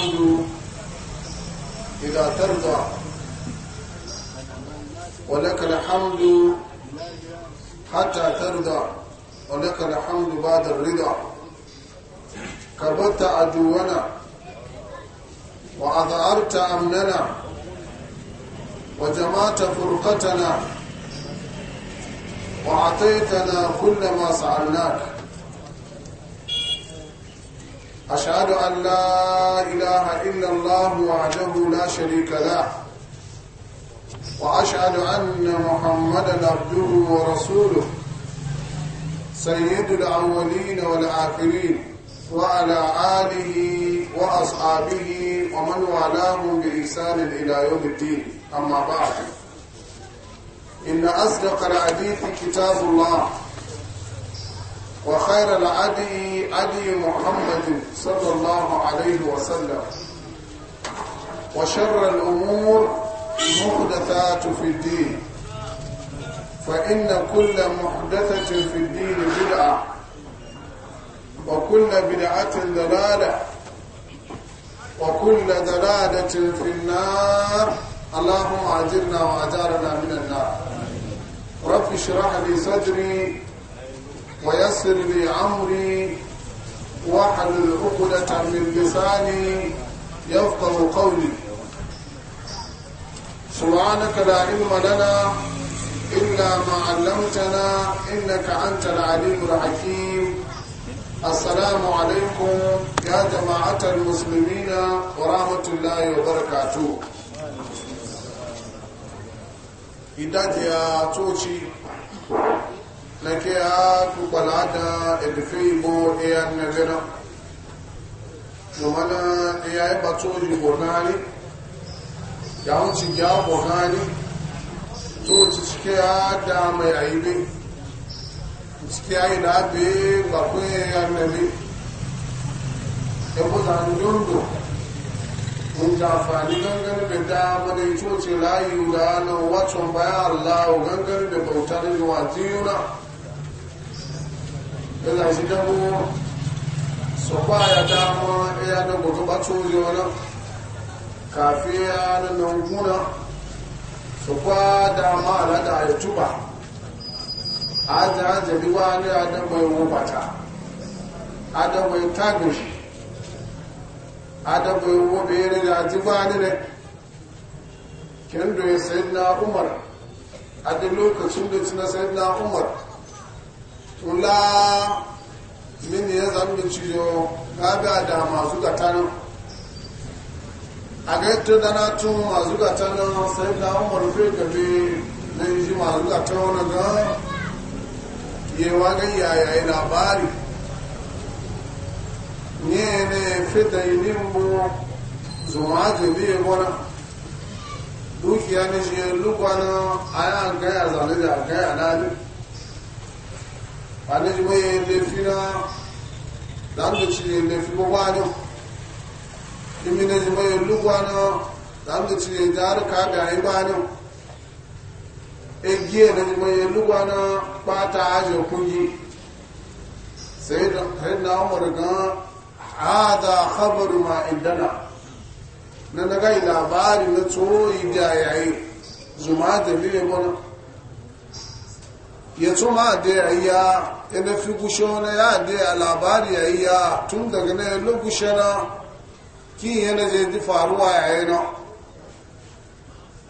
الحمد إذا ترضى ولك الحمد حتى ترضى ولك الحمد بعد الرضا كبت عدونا وأظهرت أمننا وجمعت فرقتنا وأعطيتنا كل ما سألناك أشهد أن لا إله إلا الله وحده لا شريك له وأشهد أن محمدا عبده ورسوله سيد الأولين والآخرين وعلى آله وأصحابه ومن والاه بإحسان إلى يوم الدين أما بعد إن أصدق الحديث كتاب الله وخير العدي عدي محمد صلى الله عليه وسلم وشر الأمور محدثات في الدين فإن كل محدثة في الدين بدعة وكل بدعة دلالة وكل دلالة في النار اللهم عجلنا وأجارنا من النار رب اشرح لي صدري ويسر لي أمري واحلل عقدة من لساني يفقه قولي سبحانك لا علم لنا إلا ما علمتنا إنك أنت العليم الحكيم السلام عليكم يا جماعة المسلمين ورحمة الله وبركاته إداد يا توشي E na e e ke a tukwala da ebife igbo iya nnebena numana iya ibata oyigbo n'ani ya wuce gị agbọ n'ani tụtụ cike a da mai aibe cike ya yi da abe gbakwunye ya nnebe ebuta ndondo mun ta amfani gangan da dama da ito ce layi ranar watan bayan allahu gangan da bautar yi wa jiyuna ina shi dabo su kwaya dama ya da gudu bato yana kafiya na nan guna su kwa dama ala da ya tuba aji aji biwa ne a dabo ya e bata. a dabo ya e tagin a dabo ya wube ne da ji ba ne ne kendo ya sayi na umar a duk lokacin da ci na sayi na umar ula mini ya zambi ciyo gaga da masu gatanin a gaito da na tun masu gatanin sai da umar fi gabe na yi ji masu gatanin wani ga yewa ga yayayi labari ne ne fi da yi nimbo zuwa ke biye wani dukiya ne shi lukwanin a yi an gaya zane da gaya lalata anaji mai lefina da an da ci lefi gwagwano imi na ji mai lugwano da an da ci da harka da yi bano egiye na ji mai lugwano bata aje kungi sai da na umar gan hada khabaru ma indana na naga labari na tsoyi da yayi zuma da bibe mana ya tsoma da yayi ya ina fi gusho na ya de a labari ya yi ya tun daga na yalo gushe na kin yana je ji faruwa ya yi na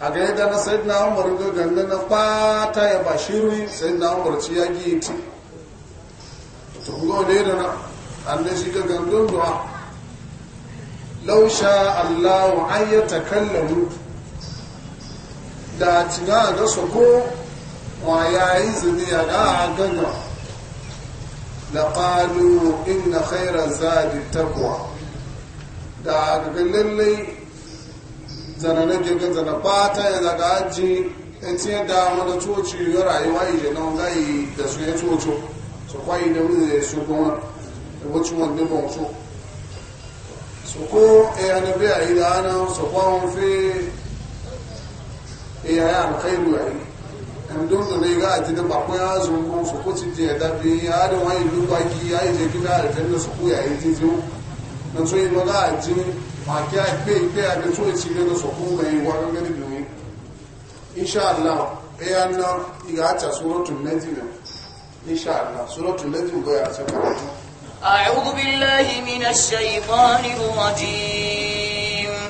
a ga yadda na sai na umar ga ganga na fata ya bashiru sai na umar ci ya gi ti to go ne da na an da shi ga gangan duwa lausha allahu an ya mu. da cina ga soko wa yayi zuni ya ga ganga لقالوا إن خير زاد التقوى da daga lallai zanane gaga zana fata ya daga aji in ce da wani coci ya rayuwa ije na zai da su ya coco su kwayi da da su kuma da wacin wanda ba wato su ko ya na biya idana su kwanfe ya yi ndundu ne ga ati da bakwai ya zungu su ko ci je da bi ya da wani lugwa ki ya yi je kina aljanna su ku ya yi ti zo na so yi maga ati ma ki a pe pe a da so yi ci ne so ku mai wa ga gari bi insha Allah e ya na i ga ta suratul najm insha Allah suratul najm go ya sa ka أعوذ بالله من الشيطان الرجيم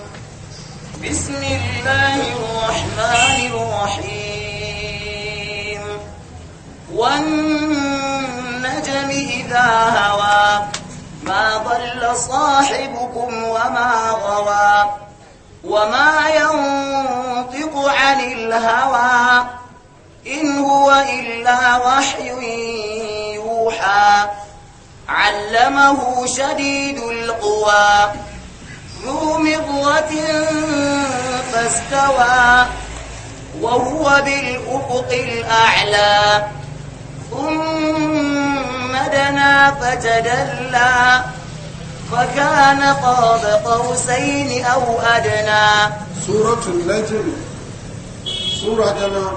بسم الله الرحمن الرحيم والنجم إذا هوى ما ضل صاحبكم وما غوى وما ينطق عن الهوى إن هو إلا وحي يوحى علمه شديد القوى ذو مرة فاستوى وهو بالأفق الأعلى ثم دنا فتدلى فكان قاب قوسين أو أدنى سورة النجم سورة دنا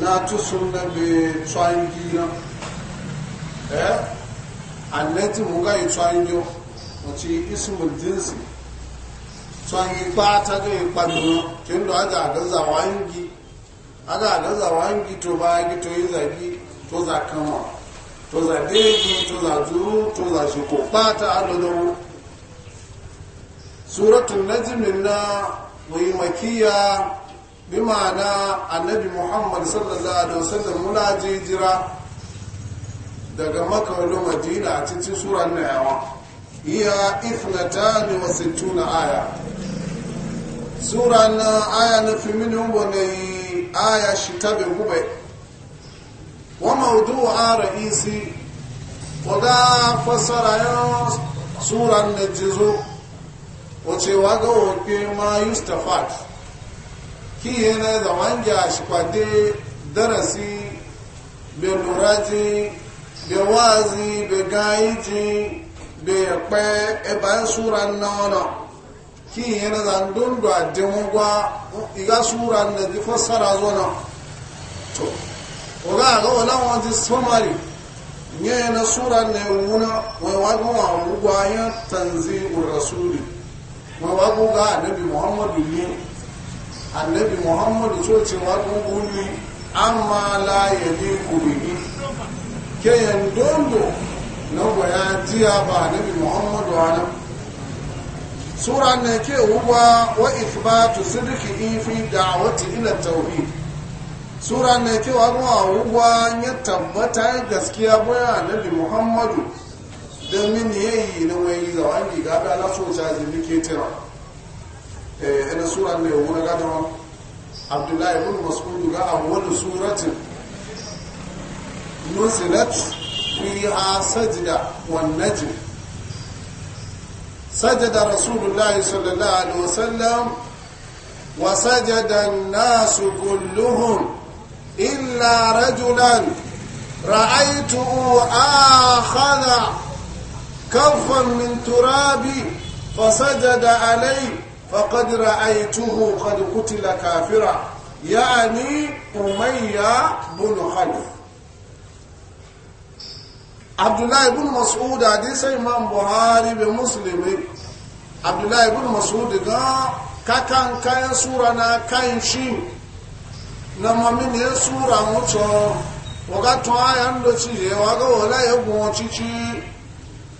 لا تسمى بتوانجينا eh annati mu ga itwanjo oti ismul jinsi twangi pata ga ipaduna kendo ada ga zawangi ana da zawon gito ba gito yi zagi to za kama to za bege to za zuru to za shi ko bata adodo suratul najm na wai makiya bi ma'ana annabi muhammad sallallahu alaihi wasallam muna je jira daga makawalin madina a cikin surar na yawa iya ifnata ne wasu tuna aya sura na aya na fi mini wani aya shi ta bai gube wa maudu ra'isi waga fasara yan tsuran da jizo wace waga wake ma yustafat ki yana da wangya kwade darasi bai muraji bai wazi bai gayiji bai yakpe ebe tsuran na wani ki yana zan dondo a adin gwa iga sura na di fassara zo na to oga ga wala wa di summary nye yana sura ne wuna wai wa go wa gwa ya tanzilur rasuli wa wa go ga annabi muhammadu ni? annabi muhammadu so ce wa go guni amma la yaliku bihi ke yan don do na gwa ya ba annabi muhammadu anan sura na ke huwa wa ithbatu sidqi fi da'wati ila tauhid sura na ke wa huwa ya tabbata gaskiya bayan annabi muhammadu da min yayi na wai ga wani ga da na so ta zin ke tira eh ina sura ne wona ga da abdullahi ibn mas'ud ga awwal suratin nuzilat fiha sajda wan najm سجد رسول الله صلى الله عليه وسلم وسجد الناس كلهم إلا رجلا رأيته آخذ كفا من تراب فسجد عليه فقد رأيته قد قتل كافرا يعني أمية بن خلف abdullahi ibn mas'ud hadisa imam buhari be muslim abdullahi ibn mas'ud ga kakan kayan sura na kayan shi na mamin ya sura mucho waga to ayan do ci je waga wala ya gun cici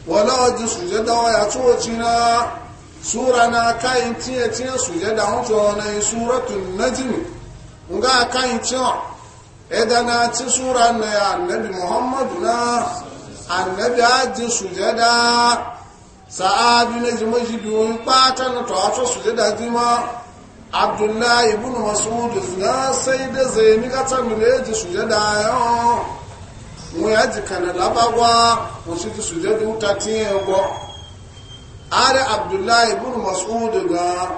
wala waji suje da waya to na. sura na kayan tiye tiye suje da mucho na suratul najm nga kayan tiye edana ci sura na ya annabi muhammadu na annabi ajin sujada sa'adu na ji majibiyoyin ɓata na tawato sujada jima abdullahi ibn masudu na sai da zaini katon da ya ji sujada yawon mu ya kana labagwa wasu ji sujada wuta tiye ari abdullahi ibn masudu ga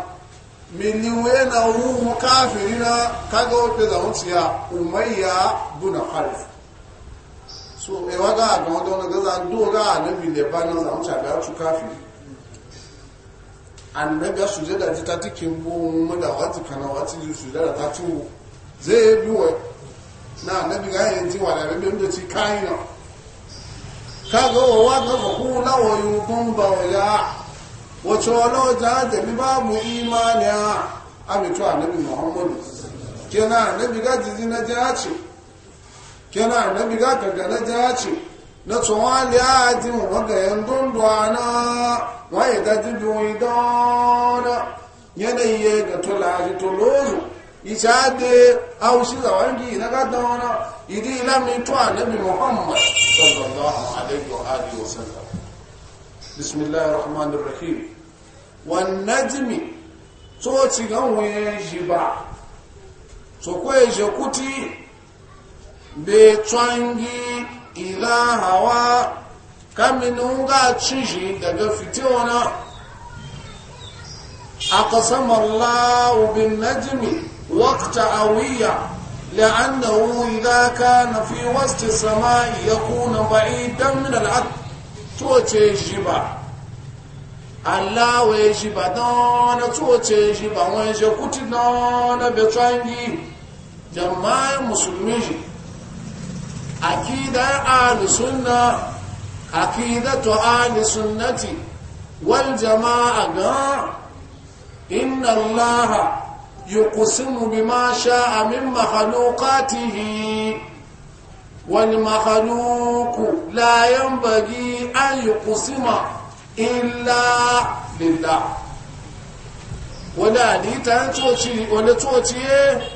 miliwe na wuhu kafirina kaga wafe zauntiya umayya buna farfi so ewa ga ga wanda wani gaza do ga annabi ne ba nan zamu shafi a cuka fi annabi su je da ta tikin bo mu da wati kana wati ju su da ta tu zai bi wa na annabi ga yin ji wala rabbi mun ci kai na ka ga wa ga ku na wa yu kun ba wala wato lo ja da bi babu imani a abi to annabi muhammadu kenan annabi ga jiji na jaci kena annabi ga gargada jaci na tsohon liyaji magayen dundwana waye daji doyi dona yanayi ga tulaji tolozu isa de aushi zawangi na gadona idi ilami to annabi muhammad sallallahu alaihi wa alihi wa sallam bismillahir rahmanir rahim wan najmi to ci ganwe shi ba so kuti betwangi idha hawa kaminunga cinji daga fiti wana aqsama allahu bin najmi waqta awiya la'annahu idha kana fi wasti samai yakuna ba'idan min al'ad tuwace jiba allawe jiba dona tuwace jiba wanje kuti dona betwangi jamai musulmi jiba akida ahli sunna akidatu ahli sunnati wal jama'a ga inna allaha yuqsimu bima sha'a min makhluqatihi wal makhluqu la yanbaghi an yuqsima illa lillah wala ni ta tsoci wala tsoci eh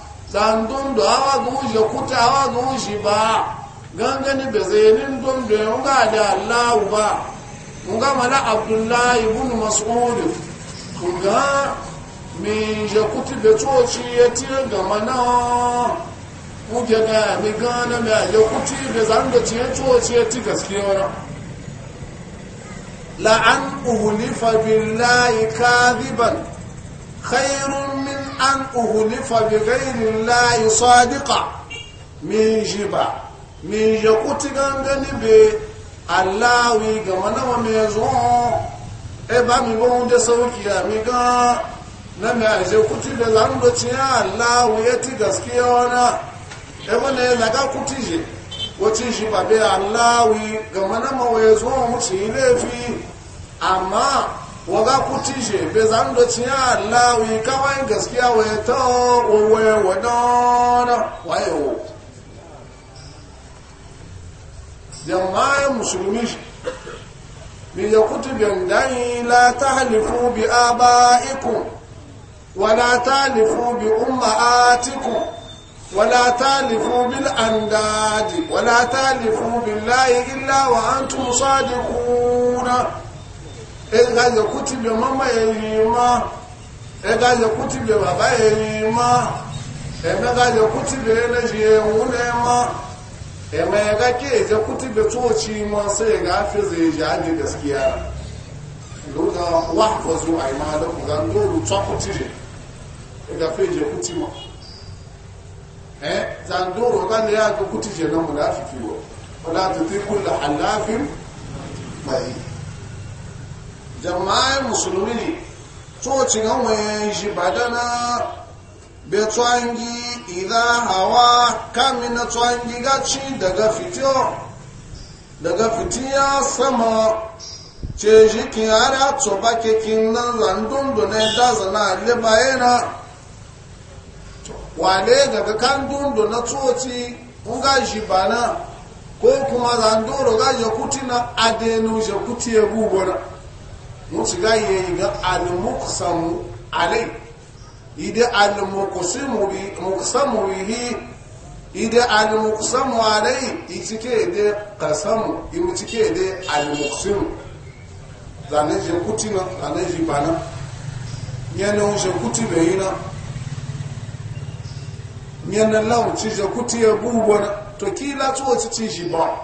awa zandondo awagushi kuti awagushi ba gangani bezenin dondo yunga da allahu ba kunga mana abdullahi ibn mas'ud kunga min je kuti betoci yati ga mana kuje ga mi gana mi je kuti be zando ci yatoci yati gaskiya wala la an uhlifa billahi kadiban khairun min an uhulifa bi ghairi llahi sadiqa min jiba min yakuti gangani be allawi ga manawa me zo e ba mi de sauki ya mi ga na me kuti da lando tiya allawi ya ti gaskiya wana e wane la kuti je amma waga kutishe bai zan da ciya allawi kawai gaskiya waye ta wawaye wadana wayewo jama'in musulmi bi ya kuti bin dani la ta halifu bi aba'ikum wala ta halifu bi umma'atikum wala ta halifu bil andadi wala ta halifu billahi illa wa antum musadikuna ẹgbà yẹ̀kú ti lè mọ́mọ́ ẹ̀yìn mọ́ ẹgbà yẹ̀kú ti lè bàbá ẹ̀yìn mọ́ ẹ̀mẹ́gbà yẹ̀kú ti lè ẹlẹ́jì ẹ̀hún lẹ́mọ́ ẹ̀mẹ́gbà kí ẹ̀jẹ̀kú ti lè tún òkì mọ́ sí ẹ̀gá fẹ́zẹ̀ ẹ̀jẹ̀ ajé gaskiya lóga wà àìmọ́ ga lóòrù tọ́kù ti rẹ̀ ẹ̀gá fẹ́ ẹ̀jẹ̀kú ti mọ́ ẹ̀ zandóró ọ̀gá ni yá àgbẹ̀kú ti jẹ̀ náà mọ̀ láfi fi wọ̀ ọ̀lá àtẹ̀tẹ̀ kúlẹ̀ àláfin báyìí jama'ai musulmi ne tsoci ganwayen shi badana be tsangi idan hawa kami na tsangi gaci daga fitiyo daga fitiya sama ce shi kiyar ya tsoba kekin nan zandun dunai daza leba libayena wale daga kan dundu na tsoci kun gashi na, ko kuma zandoro gashi kutina adenu shi kuti ya gubona wuce gaye yi ga al-muqsamu alai ida al-muqsimu bi muqsamu bihi ida al-muqsamu alai itike de qasamu imutike de al-muqsimu zane je kutina zane je bana yana wuce kuti bayina yana lawo ci je kuti ya bubona to kila tso ci ci shi ba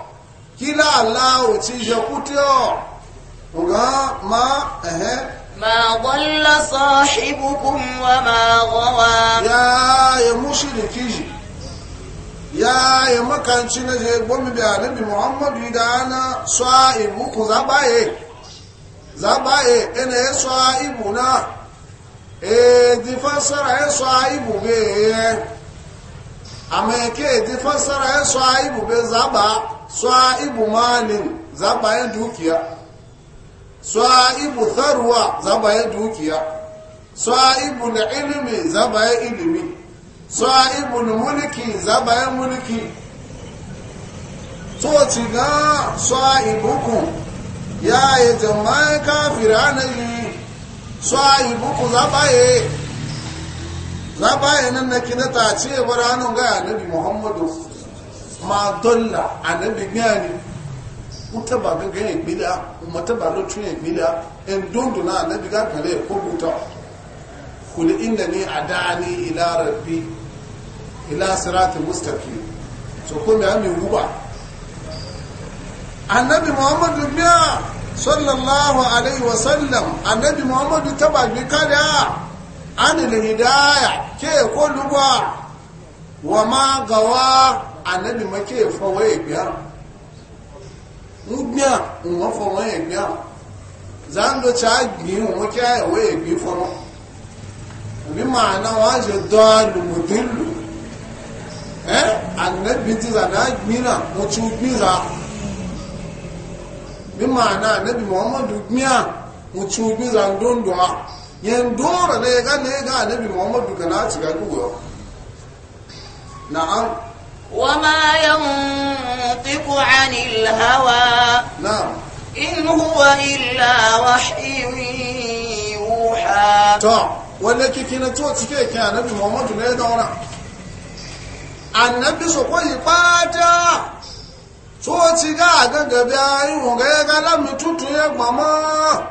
kila Allah ci je kuti o ما ما ضل صاحبكم وما غوى يا يا مشركي يا يا مكانتي نجي بوم بيانبي محمد يدانا صاحبكم زبايه زبايه انا صاحبنا ايه دي فسر صاحبه amma ke ji fassara ya sa'ibu bai zaba sa'ibu malin zaba ya dukiya sa'ibu tharwa zaba ya dukiya sa'ibu na ilimi zaba ya ilimi sa'ibu na mulki zaba ya mulki to ci ga sa'ibuku ya yi jama'in kafira na yi sa'ibuku zaba ya zaba ya nan na ta ce wa ranar ga annabi muhammadu ma dolla annabi gani mutaba gangan na mutaba lótún ìpínlẹ̀ ẹ̀ndóńdó náà lẹ́bígá kẹlẹ̀ kóbútọ̀ kò lè ilẹ̀ ní ila ìlàrẹ̀ bí ìlàsíráàtì mustapha sọkómi àmì wúwà annabi muhammadu biya sallallahu alaihi wa sallam, annabi muhammadu taba gbé kádà ánìlè hidaya ké kó lúgbà Wa ma gawa annabi ma ké fọwọ́ ìgbéyàwó ngbia wọn fọ wọn yẹ gbia zando cha gbin wọn kí ayẹ wọn yẹ gbin fọ wọn òbí máa ná wọn á ṣe dán alùmùdínlù ẹ e, ànẹ́bí ti zàdá gbin náà mo tún gbin ra bí máa ná ànẹ́bí muhammadu gbin à mo tún gbin ra ndóńdó a yẹn ndóńdó náà yẹ ká ànẹ́bí muhammadu kan láti ká náà. وما ينطق عن الهوى نعم إن هو إلا وحي يوحى طبعا ولكن كنا توتي كان نبي محمد لا يدعونا annabi su kwayi fata so ci ga gagabi ayi hunga ya ga tutu ya gbama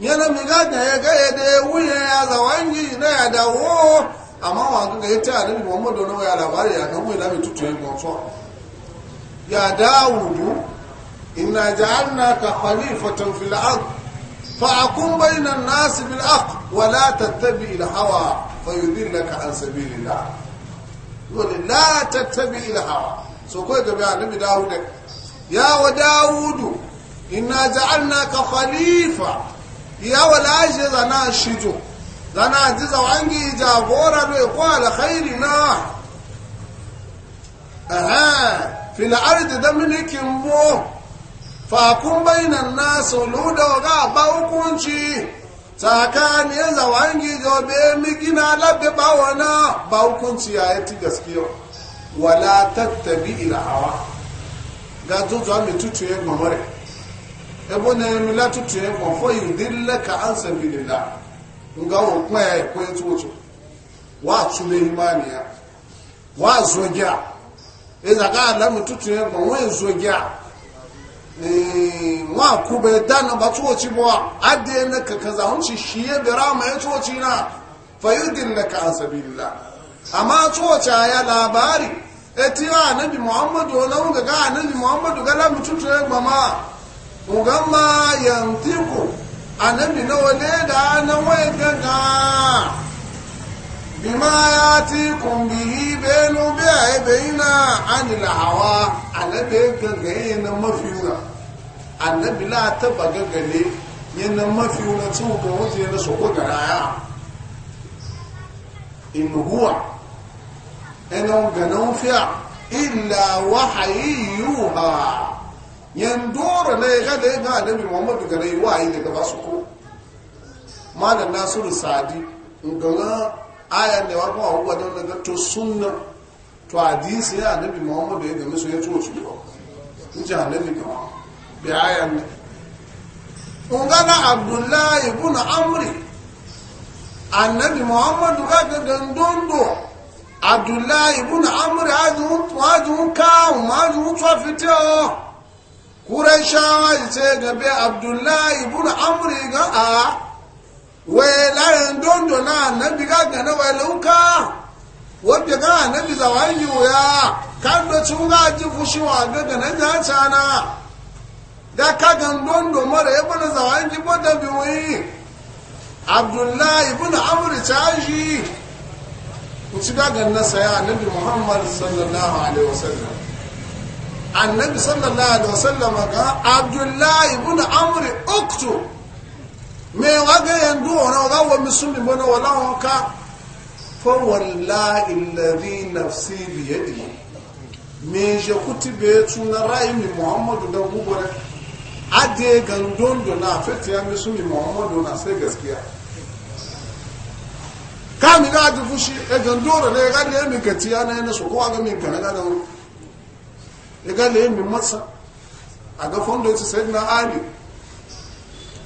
yana mi ga ga ya ga ya da ya wuya na ya dawo amma wa ga ya ta annabi Muhammadu nawa ya labari ya kan wai labi tutu yin gonso ya Dawudu inna ja'alnaka khalifatan fil ard fa'akum bayna an-nas bil haqq wa la tattabi' al-hawa fayudillaka an sabilillah wala la tattabi' al-hawa so ko ga annabi Dawud ya wa Dawudu inna ja'alnaka khalifa ya wala ajza shijo zana ji zawangi jagora ne ko alkhairi na aha fil ardi da milikin mu fa kun bainan nasu luda ga ba hukunci tsakani ya zawangi jobe migina labbe ba wana ba hukunci ya yi gaskiya wala tattabi ilhawa ga tutuwa mai tutuye mamare ebo na yi mila tutuye kwafo yi dillaka an sabi lillah nga wo kpɛ yɛ kpɛ tuwotu waa tule imaniya waa zogya eza kaa lamu tutu yɛ ma wɔn e, wa ku waa da dana ba tuwoti bɔ adeɛ na kakaza ho ti hyia ma ama yɛ tuwoti na fayodin na ka asabilila amma tuwoti a yɛ labari eti a anabi muhammadu ona wuga ga anabi muhammadu ga lamu tutu yɛ ma ma wuga ma yantiku annabi nawa ne da nan wai ganga bima ya ti kun bihi benu biya bayina anil hawa annabi ganga na mafi yura annabi la taba gagale na mafi yura tun ga wuce yana so ko garaya in huwa ina ganan fiya illa wahayi yuha yandoro na ya gada ya gada bi muhammadu gana yi wa'ayi daga ba su ko malam nasiru sadi ngana ayan da wa kuma abubuwa don daga to sunna to hadisi ya annabi muhammadu ya gami su ya tuwo su ko in ji annabi kama bi ayan da. ngana abdullahi ibn amri annabi muhammadu ga gada dondo abdullahi ibn amri ajun ajun ka ma ajun Kurashawa ce gabe Abdullahi ibn amuri ga a wai layin dondo na annabi ga gane wai lauka wadda ga annabi zawan ya? kan da cin gaji fushi wa ga gane jaca na da ka gan dondo mara ya bana zawan ji bada biyoyi Abdullahi ibn Amri caji ku ci ga ganna saya annabi Muhammad sallallahu alaihi wasallam annabi sallallahu alaihi wasallam ga abdullahi ibn amr uktu me waga yandu ona ga wa musulmi bona wala ka fa wallahi alladhi nafsi bi yadihi me je kutibe tuna rai mi muhammadu da gubore ade gandondo na afeti ya musulmi muhammadu na sai gaskiya kami na ajifushi e gandoro ne ga ne mi katiya na yana so ko ga mi kana ga da ya gane yin min masa a ga fondo ta sai na ali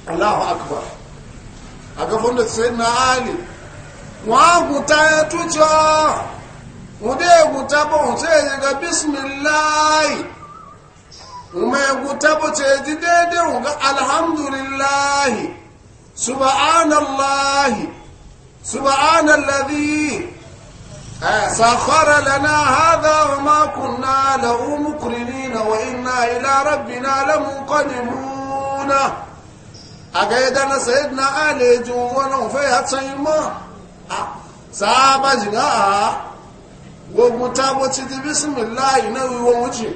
allahu akbar a ga fondo ta sai na ali Wa gùta ya tuta wọn dẹ gùta ba, wọn sai ya ga bismillahi wọn mai gùta ba ce ji daidai wọn ga alhamdulillahi subhanallahi subhanallahi سخر لنا هذا وما كنا له مكرنين وإنا إلى ربنا لمنقلبون أقيدنا سيدنا علي جوانا فيها تيمة صحابة جناها ومتابة بسم الله ينوي ووجه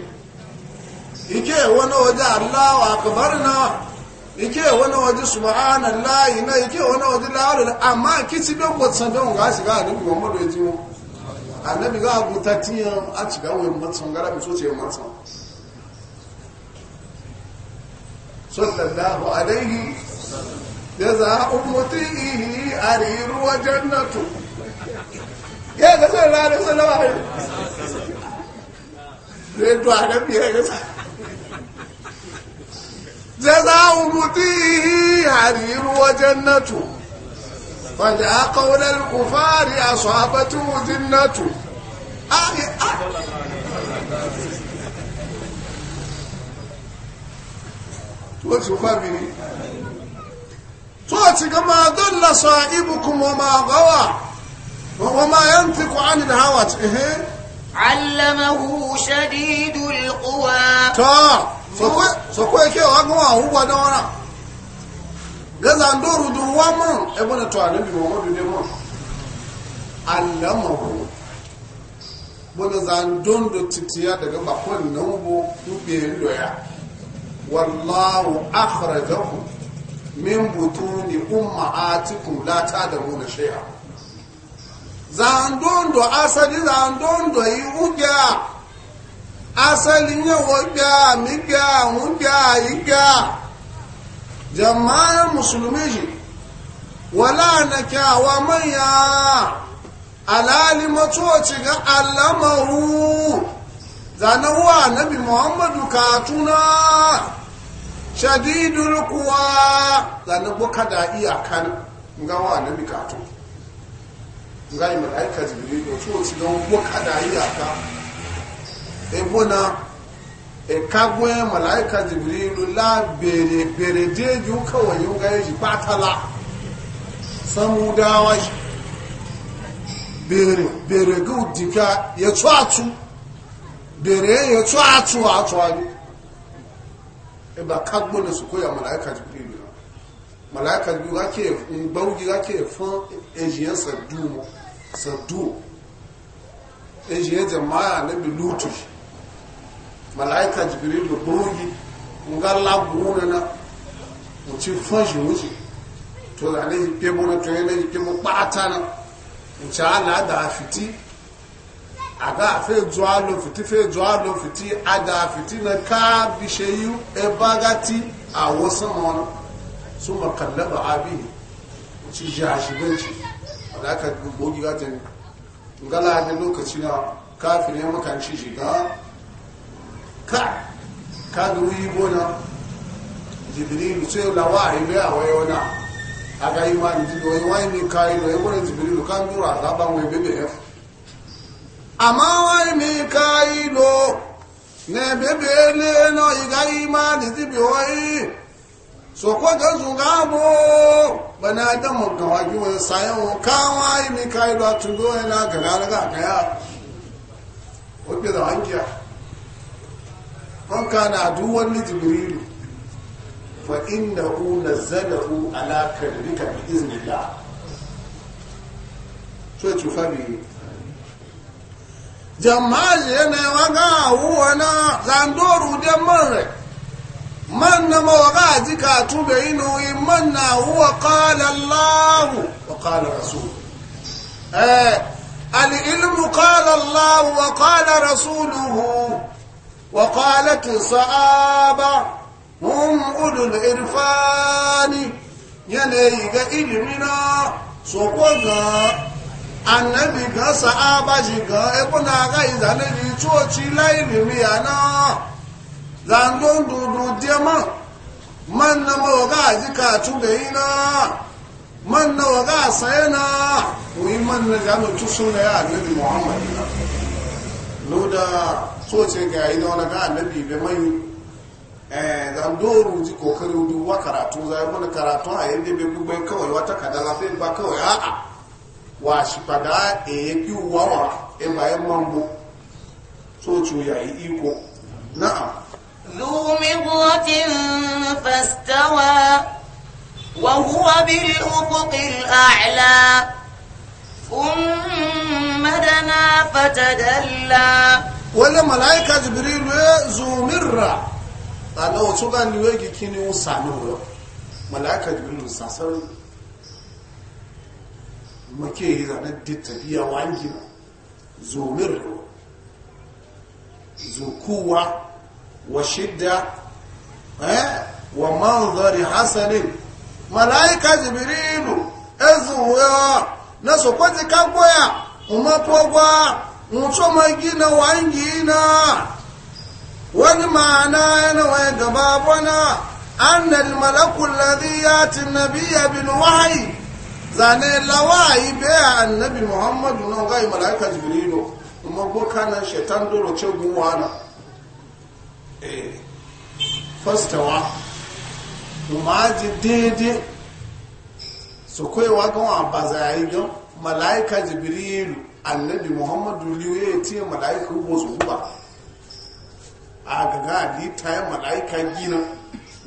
ike wani waje Allah akbar na ike wani waje subhanallahi na ike wani waje la ilaha amma kici don botsan don ga shiga da Muhammadu ya ji mu annabi za ga abuta tiyan a ciga wani matsan gara bi soce matsan sallallahu alaihi ya za a ihi a riru riruwa jannatu ya ga sai ranar sallama ne zai duwa da biya ga sai da za a ummutihi a riruwa jannatu فدعا قول الكفار أصحابته جنة آه، آه. توتي كما ضل صائبكم وما غوى وما ينطق عن الهوى إيه؟ علمه شديد القوى تو سكو سكو كي واغوا هو دونا gaza ndoru du wa mo e bona to anabi muhammadu de mo allamahu bona zan titiya daga bakon nan bo dube loya wallahu akhrajakum min butuni ummahatikum la tadamuna shay'a zan dondo asali zandondo yi uga asali ne wo ga mi ga mu ga yi ga jama'ar musulmi shi wala na kyawa manya alali matoci ga alamahu nabi muhammadu katuna shadidul kuwa kada iyakan gawa nabi ga yi da ekagwe malaika jibrilu la bere bere deju kawai yau ga yaji batala samudawa bere bere gu dika ya tsatu bere ya tsatu a tsari e ba kagbo na su koya malaika jibrilu malaika jibrilu ake gbauji ake fun ejiyan sadu sadu ejiyan jama'a na bilutushi malaika jibrilu burugi nga la laguna na uci fanshi wuce to da ne jipe muna to yana jipe mu kpata na uci ala da fiti aga fe zuwa lo fiti fe zuwa lo fiti ada fiti na ka bi bishe yi ti a wasan wani su makallaba abi uci jashiganci wadda aka gogi gatin ngala ne lokaci na kafin ya makanci shiga ka ka yi bona jibrilu sai lawa ibe a wayo na aga imani do iwa ka ilo e bona jibrilu da ba we bebe ama wa mi ka ilo ne bebe le no iga imani ti bi oi so ko e e ga ga bana da mu ga waju wa sayo ka wa mi ka ilo tu do ga ga ga ya o da هم كان عدوا لجبريل فإنه نزله على كلبك بإذن الله شو تفهمي جمال ينا وغا هو انا زاندور جمال من نما وغا ذيك اتوبينو من هو قال الله وقال رسول آه العلم قال الله وقال رسوله وقالت الصحابة هم أولو الإرفان يليك إلمنا سوقنا annabi kan sa'aba shi kan ekuna aka izane ji coci lailimi yana zandon dudu jema man na mawaga ji ka tuga na man na waga na ya luda so ce ga yi na wani ga annabi bai mai eh, zandoru ji kokari hudu wa karatu za yi mana karatu a yadda bai gbogbo kawai wata kadala sai ba kawai a'a wa shi fada e ya fi wawa e bayan mambo so ya yi iko na'am ذو مرة فاستوى وهو بالأفق الأعلى ثم دنا فتدلى wala malaika jibril we zumirra ana otu ga ni we kini o sami yo malaika jibril sasar make yi zana ditta biya wangi zumirra zukuwa wa shidda eh wa manzari hasanin malaika jibril ezuwa na so kwaji kan goya umapogwa mutum mai gina wangi na wani ma'ana yana wani gaba bana annal malakul ladhi yati nabiyya bil wahyi zane lawayi be annabi muhammadu na gai malaika jibrilu kuma ko kana shaitan doro ce guwana na. Eh. fastawa kuma ji daidai su kai wa gan abaza yayi gan malaika jibirino annabi muhammadu liwe ya tiye mala'ika rubo su guba a gaga alita ya mala'ika gina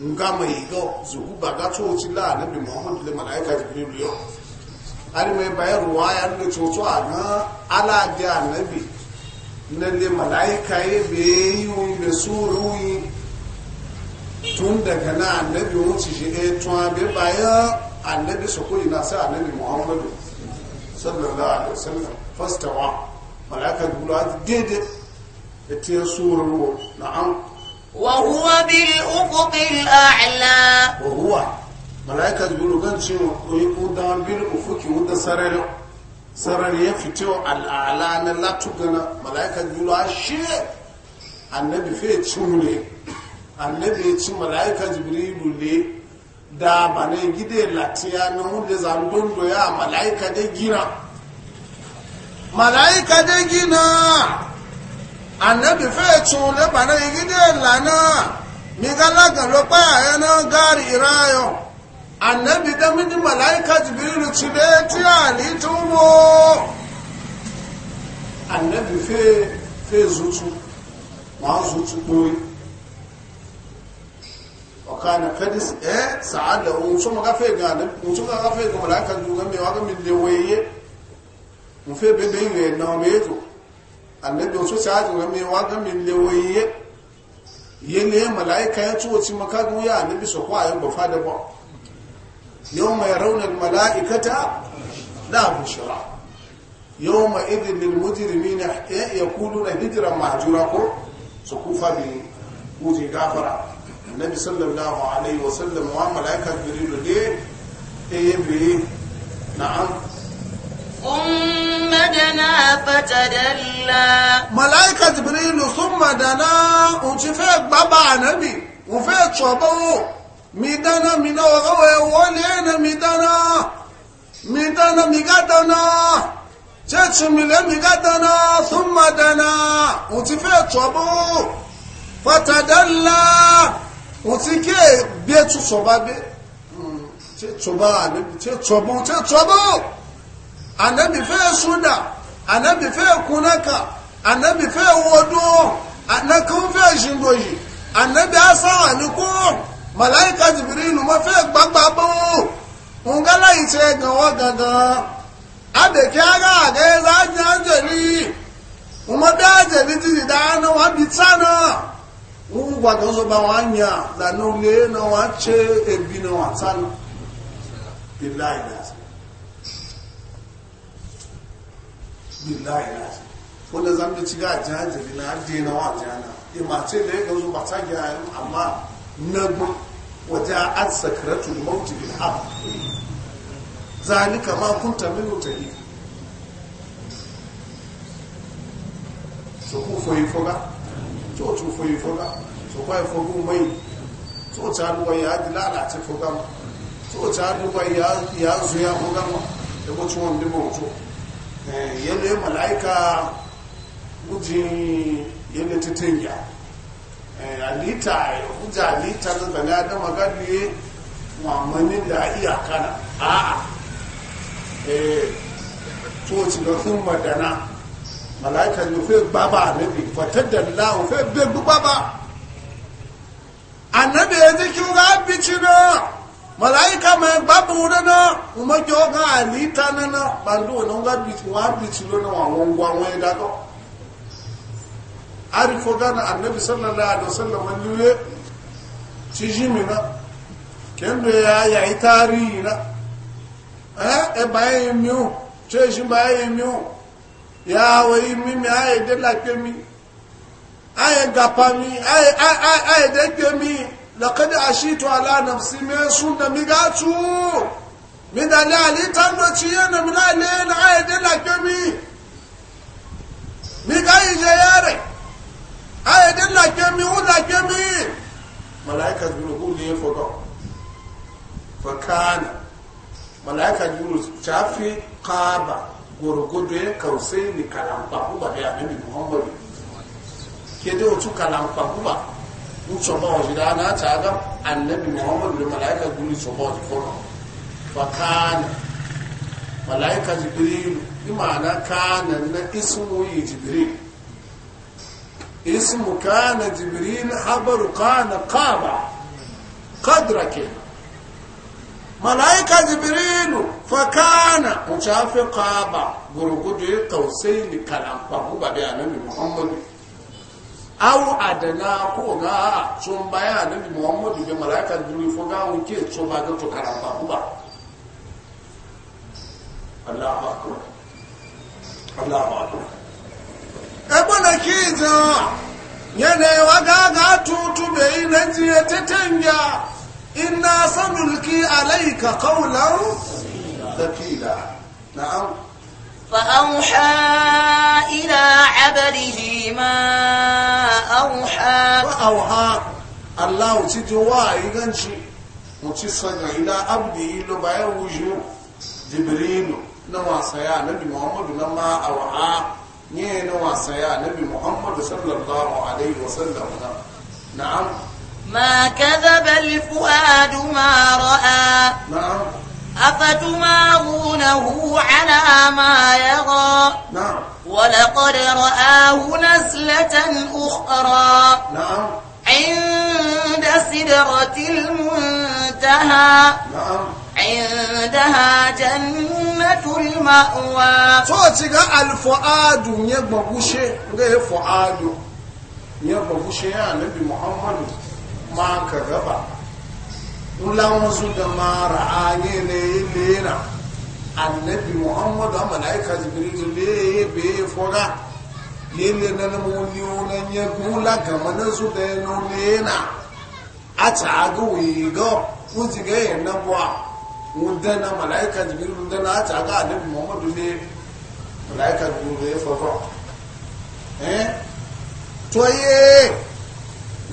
nga mai ga su guba ga coci la annabi muhammadu le mala'ika biyu yau har mai bayan ruwa ya nuna coco a ala alabi annabi na le mala'ika ya bai yi da suruyi tun daga na annabi wuce shi ɗaya tuwa bai bayan annabi su kuri na sai annabi muhammadu sallallahu alaihi wasallam fastawa malaka dulu a dede da ta yi ruwa na an wahuwa biyu ufuqil a'la wahuwa malaka dulu kan ce wa koyi kuda biyu ufuqi wanda sarari sarari ya fito al'ala na latugana malaka dulu a shi annabi fiye ci ne annabi ya ci malaka jibrilu ne da ba ne gide latiya na hulɗe zandondo ya malaka dai gina màláìka dé gínà ànábì fẹ́ tún lẹ́bàánà ìgídé ìlànà mìgálágàn ló pa àyẹ gáàrí ìráyọ ànábì dẹ́mi ní màláìka jìbìrìlù túnlé tí àlì tún wó ànábì fẹ́ fẹ́ zutu wọ́n zutu gbóyè wakana kadis eh sa'ada un so maga fe ga un so maga fe ga mo fẹ́ bẹ́bẹ́ ìwé ẹ̀nà ọmọ ètò àlẹ́bẹ̀ oṣù sáájú ẹ̀mí wá gẹ́mí léwọ iye iye ní ẹ̀mọ̀ láìka ẹ̀ tó ti mọ́kágún yá níbi sọ̀kọ́ àyẹ̀bọ̀ fádẹ́bọ̀ yóò mọ̀ ẹ̀rọ ní mọ̀lá ìkẹta láàbù ṣọ́ra yóò mọ̀ èdè lè mójìrì mí ní ẹ̀kúlù rẹ̀ hijira màjúra kó sọ̀kú fàbí wújì gáfara annabi sallallahu alaihi wasallam wa malaika jibril ne eh bi na'am وتدلى ملائكة جبريل ثم دنا وشفاك بابا نبي وفاك شبو ميدانا مينا وغوي ولينا ميدانا ميدانا ميغادانا تشتشم ميغادانا ثم دنا وشفاك شبو فتدلى وتكي بيتو صبابي تشتشم تشتشم تشتشم anabi fẹ́ sódà anabi fẹ́ kunaka anabi fẹ́ wodo anakun fẹ́ ṣindoyi anabi asan aliko malaika jibirilu ma fẹ́ gbagba bo ngala ite ganwa gangan abeke aga aga eza aja ajeli umobi ajeli didi dana wa bitana wọn gbàgbọ́ sọ bá wọn á lànà olè náà wọn ṣe ebi náà wọn á sálọ billahi ko da zan da ciga jajiri na hadde na wa jana e eh, ma ce da yake zuwa ta ga amma na bu wata at sakratul maut bil haqq zalika ma kunta minhu tahi so ku foyi foga so tu foyi foga so kwai fogu mai so ta ruwa ya dilala ta foga so ta ruwa ya ya zuya foga ma da ko tuwon dimo Eh, yadda mala'ika gujin yadda ta tanya eh, alita hujja alita na bani adama gabiye mamani da iyaka na a'a eh, to ci da sun madana mala'ika ne fai baba annabi fatar da lahu fai bebu baba annabi ya ji kiwa bici na malaika ma gbabu dana kuma joga alita nana bandu na nga bitu wa bitu na wa wongwa wa dago ari fo gana annabi sallallahu alaihi wasallam manjuye cijimina kendo ya ya itari na eh e baye miu cheji baye miu ya wa mi mi aye de la kemi aye gapami aye aye aye de kemi laqad ashitu ala nafsi ma sunna migatu min dalali tanwa chiyana min alil aide la kemi migai jayare aide la kemi u la kemi malaika jibril ne fodo fakana ya kausai ni kalampa kuba ya nabi muhammad kede otu kalampa kuba wucin mawa shi da na ta ga annabi muhammadu da mala'ika guri su ba su kuma fa kana mala'ika jibrilu imana kana na ismu yi jibril ismu kana jibril habaru kana qaba qadra ke mala'ika jibrilu fa kana mutafi qaba gurgudu tausayi kalam fa mu ba bi annabi muhammadu awu adana ko ga sun baya annabi muhammadu da malaika duri fo ga mun ke tun ba ga to ba. kuba Allahu akbar Allahu akbar e bona kiza yana wa ga ga tutu be ina jiya tetenya inna sanulki alayka qawlan thaqila na'am فأوحى إلى عبده ما أوحى فأوحى الله تدوى إغنشي متصنع إلى عبده لبا يوجو جبريل نوى سيا نبي محمد لما أوحى نيه نوى سيا نبي محمد صلى الله عليه وسلم نعم ما كذب الفؤاد ما رأى نعم أفتمارونه على ما يرى نعم ولقد رآه نزلة أخرى نعم عند سدرة المنتهى نعم عندها جنة المأوى توتيغا الفؤاد يغبغوشي غير فؤاد يغبغوشي يا نبي محمد ما كذبا wulawun su da mara a ne ile na annabi muhammadu a malaika jibril le be foga lele na na muni na nye gula gama na su da yana le na a ta aga wigo kuzi ga yi na buwa wunda na malaika jibril wunda na a ta aga annabi muhammadu le malaika jibril le fofa eh toye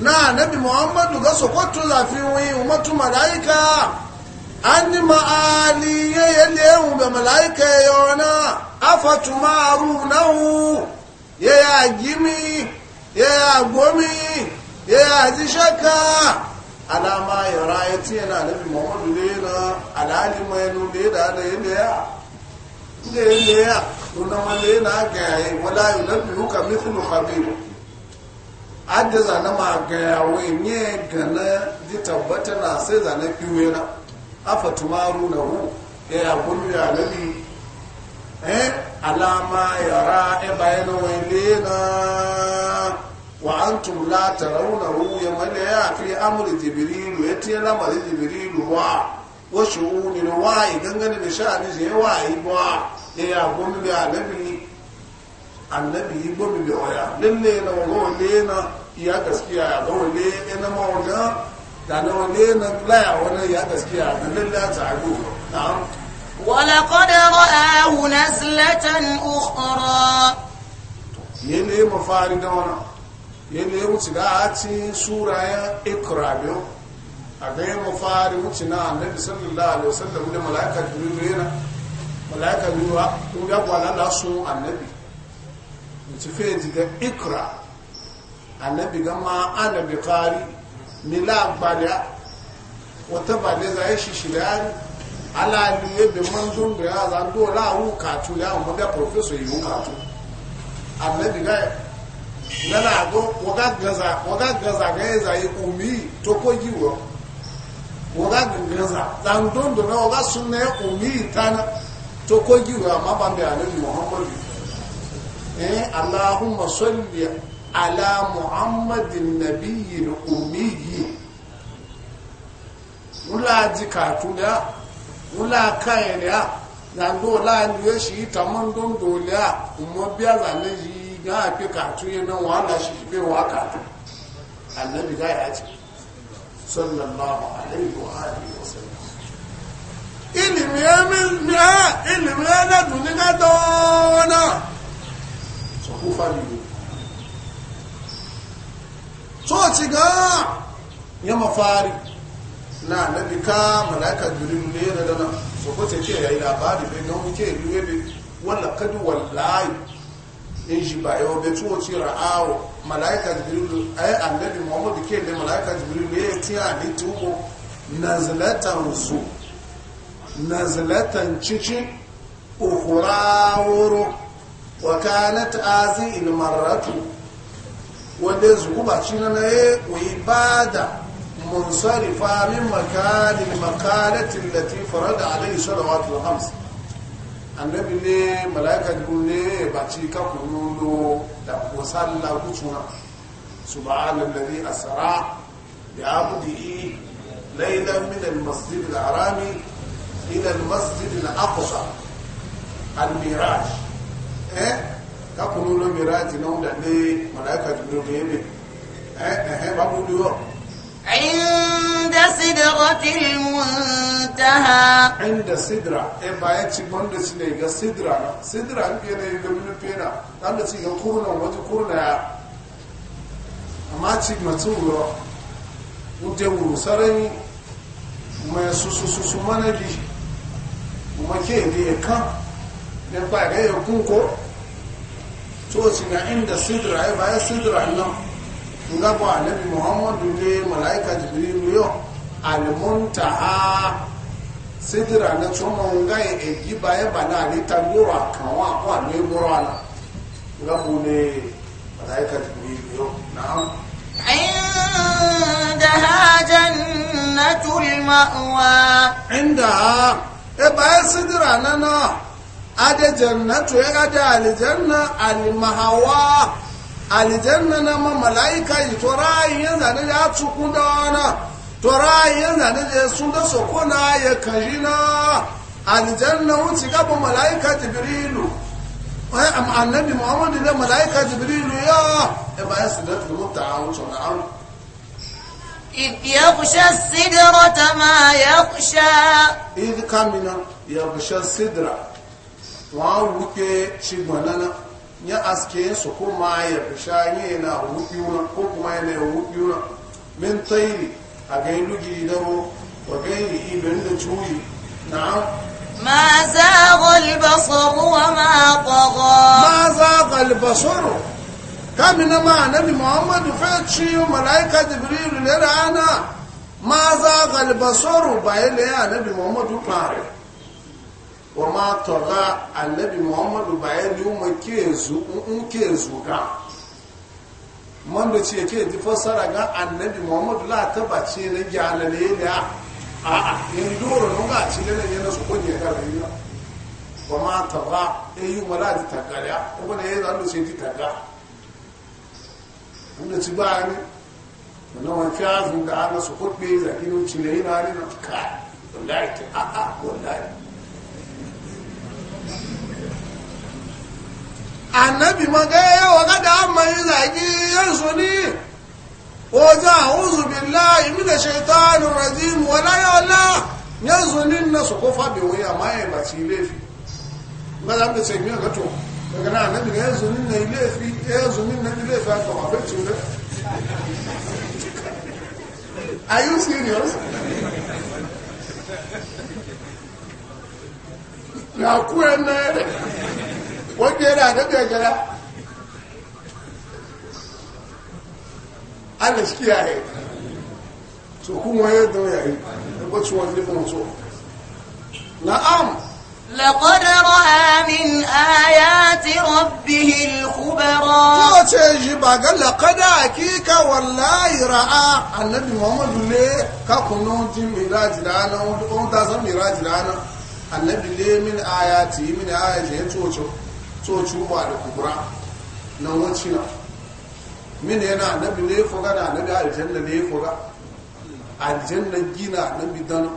na nabi muhammadu ga sokoto zafi wuyi umatu malaika an ni ma'ali ya yi lewu ga malaika yana afatu ma'aru nahu ya yi agimi, ya yi gomi ya yi ji shaka alama ya raya ti yana nabi muhammadu ne na alali mai nune da da yi ne ya ne ya nuna wani na ga yi wala yi nabi huka mithlu adda zane ma gaya wai ne gana ji tabbata na sai zane fiwe na afa tumaru na hu ya ya gulu ya nabi eh alama yara e bayan wai na wa an tumla la rauna hu ya mala ya fi amuri jibirilu ya tiye lamari jibirilu wa wa na wa gangane da sha'ani je wa ba. ya ya gulu ya nabi annabi yi gobe da waya lalle na wale na iya gaskiya ya ga wale na da na wale na laya wani ya gaskiya da lalle ya tsago na ولقد رآه نزلة أخرى يلي مفارد وانا يلي متقاعتي سورة اقرأ بيو أغير متنا النبي صلى الله عليه وسلم ملائكة جبريل ملائكة جبريل ويقول لنا سوء النبي ci fe ikra annabi ga ma ana bi qari mila gbada wata ba da zai shi shirari ala liye bi manzon da ya za do la hu katu ya mu ga professor yi hu katu annabi ga na go waga gaza waga gaza ga zai umi to ko giwo waga gaza zan don do na waga sunna umi na to ko giwo amma ban da annabi muhammadu eh Allahumma salli ala Muhammadin nabiyil ummi wula jikatu da wula kai da zando la ndiye shi tamon don dole umma biya zane yi ga fi katu yana wala shi be wa katu annabi ga ya ce sallallahu alaihi wa alihi wasallam ilimi ya min ya ilimi ya na duniya dona so who found you so ci ga ya fari na nabi ka malaika jibril ne da dana so ko ce ke yayi labari bai ga muke ruwe bai wala kad wallahi in ji ba yau bai tuwo ci ra'awo malaika jibril ai annabi muhammadu ke da malaika jibril ne ti a ni tubo nazlatan su nazlatan cici ukhra wuru wakanat azi ilmaratu wanda su guba cina na ye wai ba da munsarifa min makalin makalatin lati farada alayhi salawatu hams annabi ne malaika jibril ne ba ci ka kunu lo da ko salla kucuna subhanallazi asra bi abdihi laylan min eh lo kunu lo na wanda ne malaika jibril ne ne eh eh ba mu duwa inda sidra tilmuntaha eh, inda sidra e ba ya ci banda ci ne ga sidra na sidra an fiye ne ga mun fiye na dan da ci ga kurna waje kurna ya amma ci matsuro mutum wurusarai mai susususu mana bi kuma ke da ya kan ne ba ga ya to ci ga inda sidra ya bayan sidra nan nga bu annabi muhammadu ne malaika jibrilu yo almuntaha sidra na tsohon tsomo nga e ba ya bana ni tangura kanwa kwa ne burana nga bu ne malaika jibrilu yo na'am عندها جنة المأوى baya إبقى na na. ada jannatu ya ada alijanna almahawa Alijanna na ma malaika yi to ra'ayin zane ya tsuku da wana to ra'ayin zane ya sun da soko ya kari na Alijanna wuce gaba malaika jibrilu wai am annabi muhammadu da malaika jibrilu ya e ya bayan sidatu mutta wuce na aure إذ يغشى السدرة ما يغشى إذ كمنا يغشى السدرة wọn wuke shigbanana ya aske su kuma ya fi shayi na wuki wuna ko kuma ya mai wuki wuna min tsairi a gai lugi daro wa yi ibin da na an ma za albasar wa ma kwaga ma zaga albasar kamina ma anabi muhammadu feci malaika jibrilu ne rana ma zaga albasar bayan da ya anabi muhammadu fara wa ma tọ̀gá annabi muhammadu bayan ni umar ke zuga mọ́ndọ̀ ce ke ti fassara ga annabi muhammadu látaba ce na gyalale da a aa doro nun ga ci lana yana su kone ya gara yi wa ma tọ̀gá ya eh, yi umar láti tàgà ya kuma da ya yi zan ce ti tàgà wanda ci ba ni wannan wani fiyazin da ana su kuɗe zakinu cile yi na ni na kai wallahi ta a'a wallahi ànábì mọ́ gẹ́gẹ́ ọ̀gádà àmà ìlà igi yẹ́sùn ní ojú àwúzù bí lá ìmìlẹ̀ ṣe tánù rẹ̀dí mú ọláyọ́ ọlá yẹ́sùn ní iná sọ̀kọ́ fàbíwé àmáyẹ̀ àti ilé fi gbádà bí tẹ̀mí ọ̀gọ́tọ̀ ọ̀gádà ànábì yẹ́sùn ní iná ilé fi yẹ́sùn ní Yàkú ẹ̀ rẹ̀ wọ́n jẹ́ rẹ̀ àdẹ́bẹ̀ ẹ̀yẹra alẹ́sìkí ààrẹ tó kú wọ́n yẹ́ dán yàrí ẹgbọ́ tí wọ́n nílùú tó na'am لقد رأى من آيات ربه الكبرى tó ṣe ìṣìbàgá lẹ́kọ́dá àkíkà wà láì ràá alẹ́bì muhammadu lé kákùnú tsoci ba da kubura na na min yana annabi ne foga na annabi aljanna ne foga aljanna gina annabi dan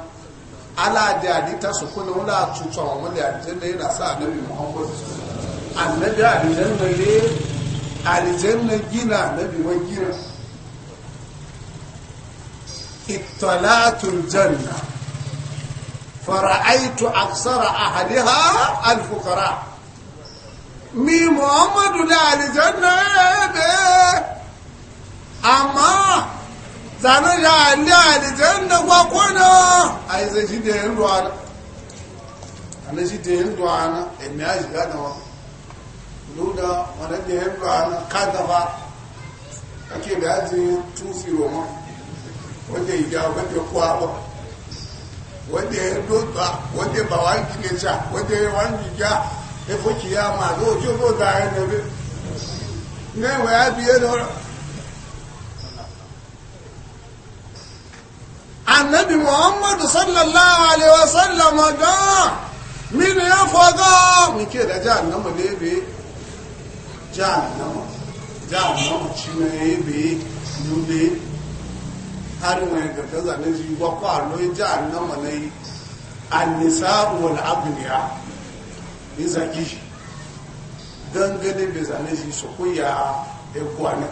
ala da ta su kuna wula tuta wa mun aljanna yana sa annabi muhammadu annabi aljanna ne aljanna gina annabi wa gina ittalatul janna fara'aitu aksara ahliha alfukara. mi muhammadu da alijanna ebe amma zanen da ali alijanna gwakwana a yi zai shi da yin ruwana a na shi da yin ruwana emi ya shiga da wa luda wani da yin ruwana kada ba ake da yaji tufi wanda yi ga wanda kuwa wanda ya dota ba wangi ne ca wanda ya wangi efo kiyama ga ojú bó da ẹnu rí mẹ́wàá abiyé lọ́rọ̀ annabi muhammadu sallallahu alaihi wa wasallam gan minu ya fọ́gọ́ wike da jihar nama da ebe jihar nama jihar nama ci na ebe lule har wani gafe zane shi gwakwa alo jihar nama na yi annisa wal abniya bai zagi shi gangane bai zane shi su kuya ya kwana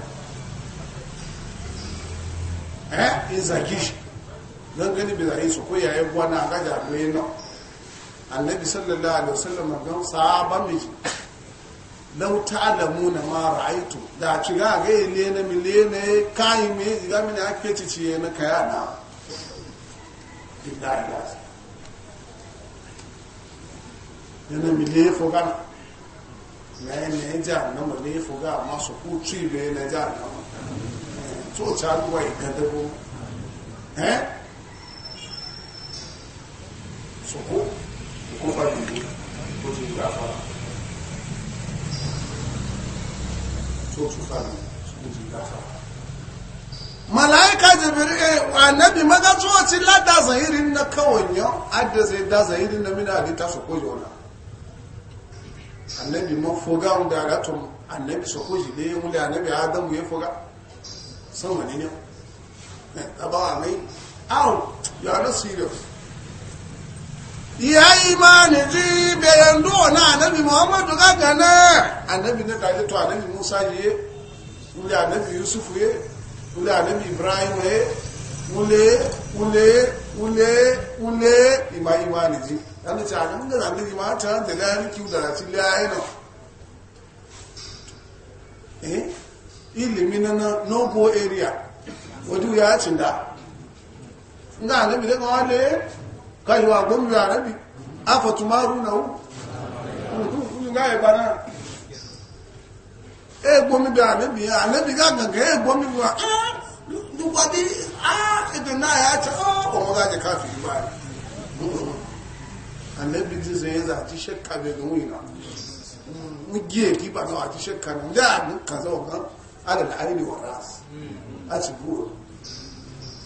eh in zagi shi gangane bai zane su kuya ya kwana a gaja doye nan annabi sallallahu alaihi wasallam don sabon miji lau na ma ra'aytu da ci ga ga ne na milene kayi me ga mini ake cici na kaya na billahi yana mi le foga na yi na yi na mu le foga masu kutu ibe na jihar na mu tó ta gbọ́ ìgandẹ́gbó ẹ́ ku, òkú fàbí ìlú tó ti gbà fara tó tún fàbí tó ti gbà fara malaika jibirin eh, annabi maga tsohon lada zahirin na kawai yau adda zai da zahirin na mina a ta su koyo na annabi ma foga mu da ga tum annabi su koji le mu da annabi adamu ya foga wani ne ne eh, a mai ya na are ya serious ya imani ji be yando na annabi muhammadu ga gana annabi ne da to annabi musa ye wule da annabi yusuf ye wule annabi ibrahim ye wule, wule, wule, wule, ima le mu le ji yàtọ̀ tí a ní ń gbẹ̀rẹ̀ níbi máa tẹ̀ ń tẹ̀lé ní kí ó dàrà sí ilé ayé náà eh ilimi na no-go area wadu ya cin da nga anabi daga wale kaiwa gomi ya anabi afa tumaru na wu nga ya bana e gomi bi anabi ya anabi ga ganga e gomi bi wa ah dukwadi ah idan na ya ce oh ọmọ gaje kafin ba ne annabi ti zai yanzu a ti shakka bai ga wina mugiye ki ba nawa a ti shakka na da abin kaza wa kan adal aini wa ras a ci buru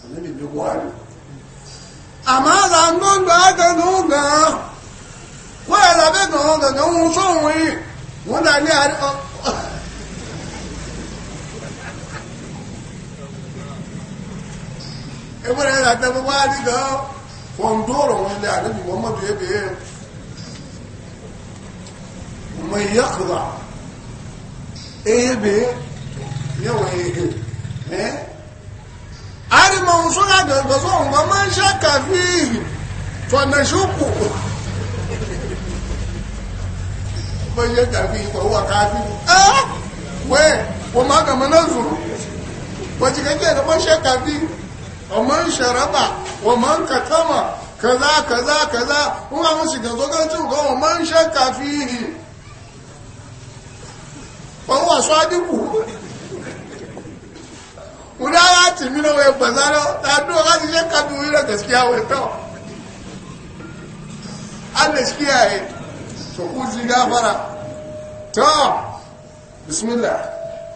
annabi bai gwari amma za non da aka nuna ko ya zabe ga wanda ga mun son wi wanda ne a ebore ya da ba wani ga fondoro wọn lé àdébì muhammadu ebe yẹ mọ̀n yẹ́kùdà ebe yẹ́wọ̀ yẹ́gẹ̀ ẹ́ arìmọ̀ nsọ́nà àgbẹ̀gbẹ̀sọ́ wọn máa ń ṣàkà fi fọ̀nàṣùkù mọ̀n yẹ́kà fi ìpọ̀wọ́ àkáàfi ẹ́ wẹ́ wọ́n máa kàmọ́ náà zùrù wọ́n ti kẹ́kẹ́ ẹ̀dọ́mọ́ ṣàkà fi wa man sharaba wa man kakama kaza kaza kaza kuma mun shiga zogancin ga wa man shakka fihi wa huwa sadiqu una ya ci mina wai bazaro ta do ga ji shakka duwi da gaskiya wai to Allah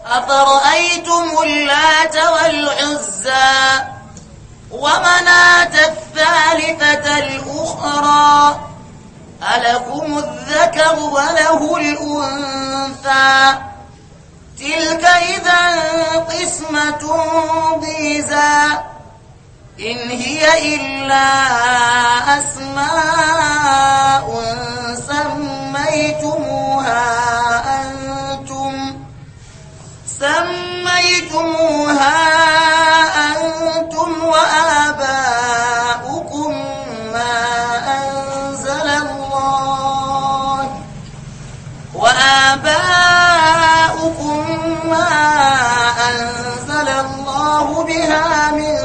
أفرأيتم اللات والعزى ومناة الثالثة الأخرى ألكم الذكر وله الأنثى تلك إذا قسمة ضيزى إن هي إلا أسماء سميتموها أنتم سميتموها أنتم أنتم وآباؤكم ما أنزل الله وآباؤكم ما أنزل الله بها من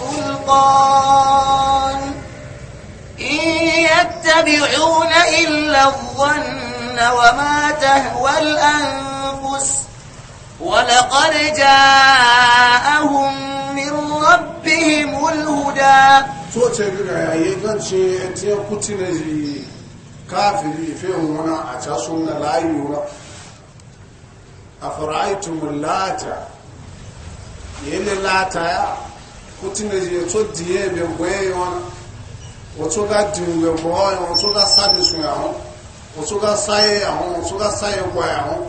سلطان إن يتبعون إلا الظن وما تهوى الأنفس ولقد جاءهم من ربهم الهدى so ce ga yayi kan ce ti kuti ne kafiri fe wona a ta sunna layi wona afara'aytum lata yele lata ya kuti ne je to die be gwe wona o to ga diwe bo o to ga sabi sun ya o to ga saye ga gwa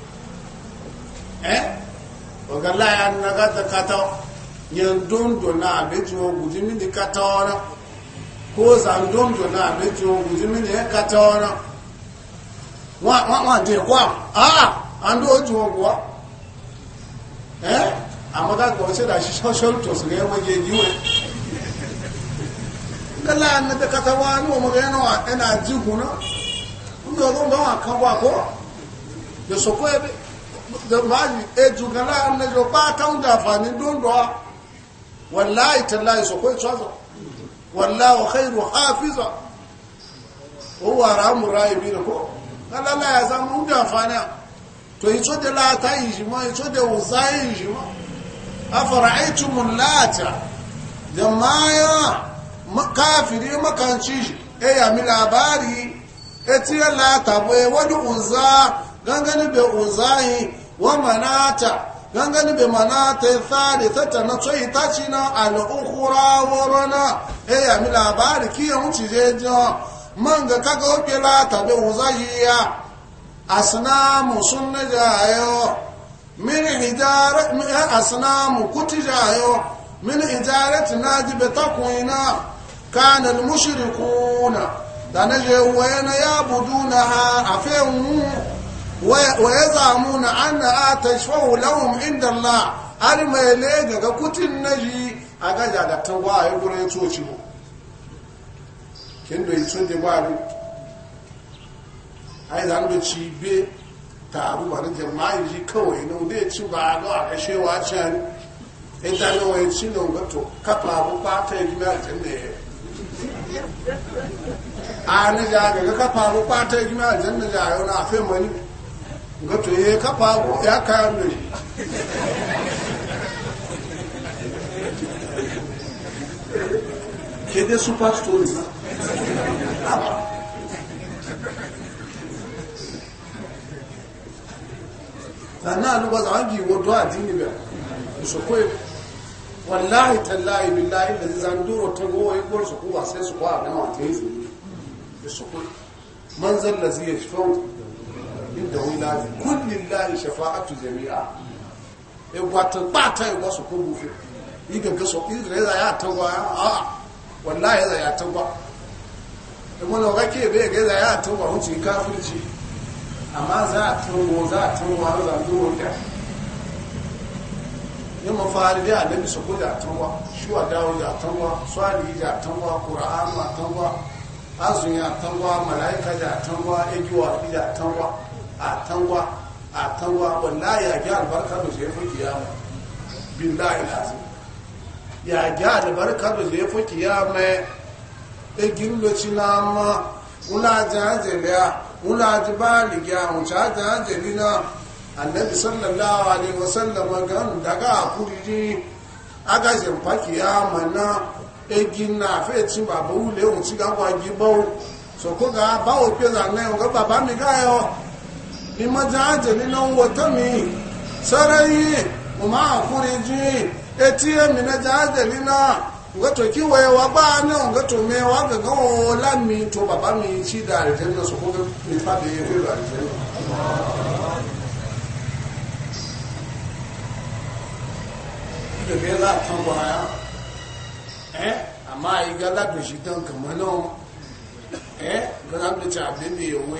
kala ya na gata kata yan dondo na abeji wo guji mini kata ona ko zan dondo na abeji wo guji mini kata ona wa wa wa de wa ah ando oju wo wa eh amaga ko se da shi social to su ga waje giwe kala an da kata wa no magana wa ina e jiguna ndo ndo wa kan wa ko da sokoye zamani eju eh, kana an na jo ba ta unda fani don do wallahi tallahi so ko tsazo wallahu khairu hafiza huwa ramu raibin ko kala la ya zamu da fani to ito de la ta yi mo ito de uzai yi mo afara'aytum lata jama'a makafiri makanci e ya mi labari e ti lata bo e wadu uzza gangani be uzayi wa manata gangani be manata e thalithata na tsoyi e tachi na al'ukura worona e ya mi labari kiyo muci je jo manga kaga oke lata be wuzahiya asnamu sunna jayo min hijara asnamu kuti jayo min hijarati najibe takwina kana al-mushrikuna danaje wayana yabuduna ha afewu ويزعمون أنها تشفع لهم عند الله ألم يليغ كتن نجي أغاجة دكتوا يقول يتوشي kendo itunde wari ai zan da ci taru ba da jama'a ji kawai nan da ci ba ga a kashe wa can ita na wai ci na ga to kafa bu ba ta yi na a ni ja ga kafa bu ba ta yi na jannah ja yau na fe gato ya kafa ya kayan ne ke dai super stories na na aluba za wangi wato a dini ba su kawai wallahi tallahi billahi da zan duro ta gowa ya gwar su kuwa sai su a na ta yi su kawai manzan da zai fi inda wani wina kullin lahi shafa'atu jami'a igwata ba ta yi wasu ko bufe igaga so igaga ya ta tagwa a wallahi za ya tagwa imana wa kake bai ga za ya tagwa hunci kafirci amma za a tango za a tango tagwa za a tagwa da yin mafari da annabi su ko da tango shuwa dawo da tango swali da tango qur'an da tango azun ya tango malaika da tagwa egiwa da tango a tangwa a tangwa wallahi ya ga albarka da zai fi kiyama billahi lazim ya ga albarka da zai fi kiyama e gillo cinama wula jajanjeliya wula jibaliga wuce na annabi sallallahu alaihi wasallam gan daga kurji aga zempa kiyama na egin na afẹ́ tí bàbá wulẹ̀ òun tí gbàgbà jí bọ́ sọ kó ga báwo pé ra náà ọ̀gá bàbá mi ìmọ̀jáàjẹ̀ nínú wọ̀tọ́ mi sọ́rọ̀ yìí mo máa fúnri jí etí ẹ̀mìnàjáàjẹ̀ nínú ngọ́tò kí wọ́n wá bá náà ngọ́tò mi wá gẹ̀gẹ́ wọn lámì tó bàbá mi sí ìdá àrẹ̀jẹ̀ náà sọ fún mi fàbí ìrírò àrẹ̀jẹ̀ náà. Ìjọba látàn bọ̀ ayá, ẹ́ àmá ìgbà kàmọ́ náà, ẹ́ gbọ́dọ̀ àbẹ̀tì òwe.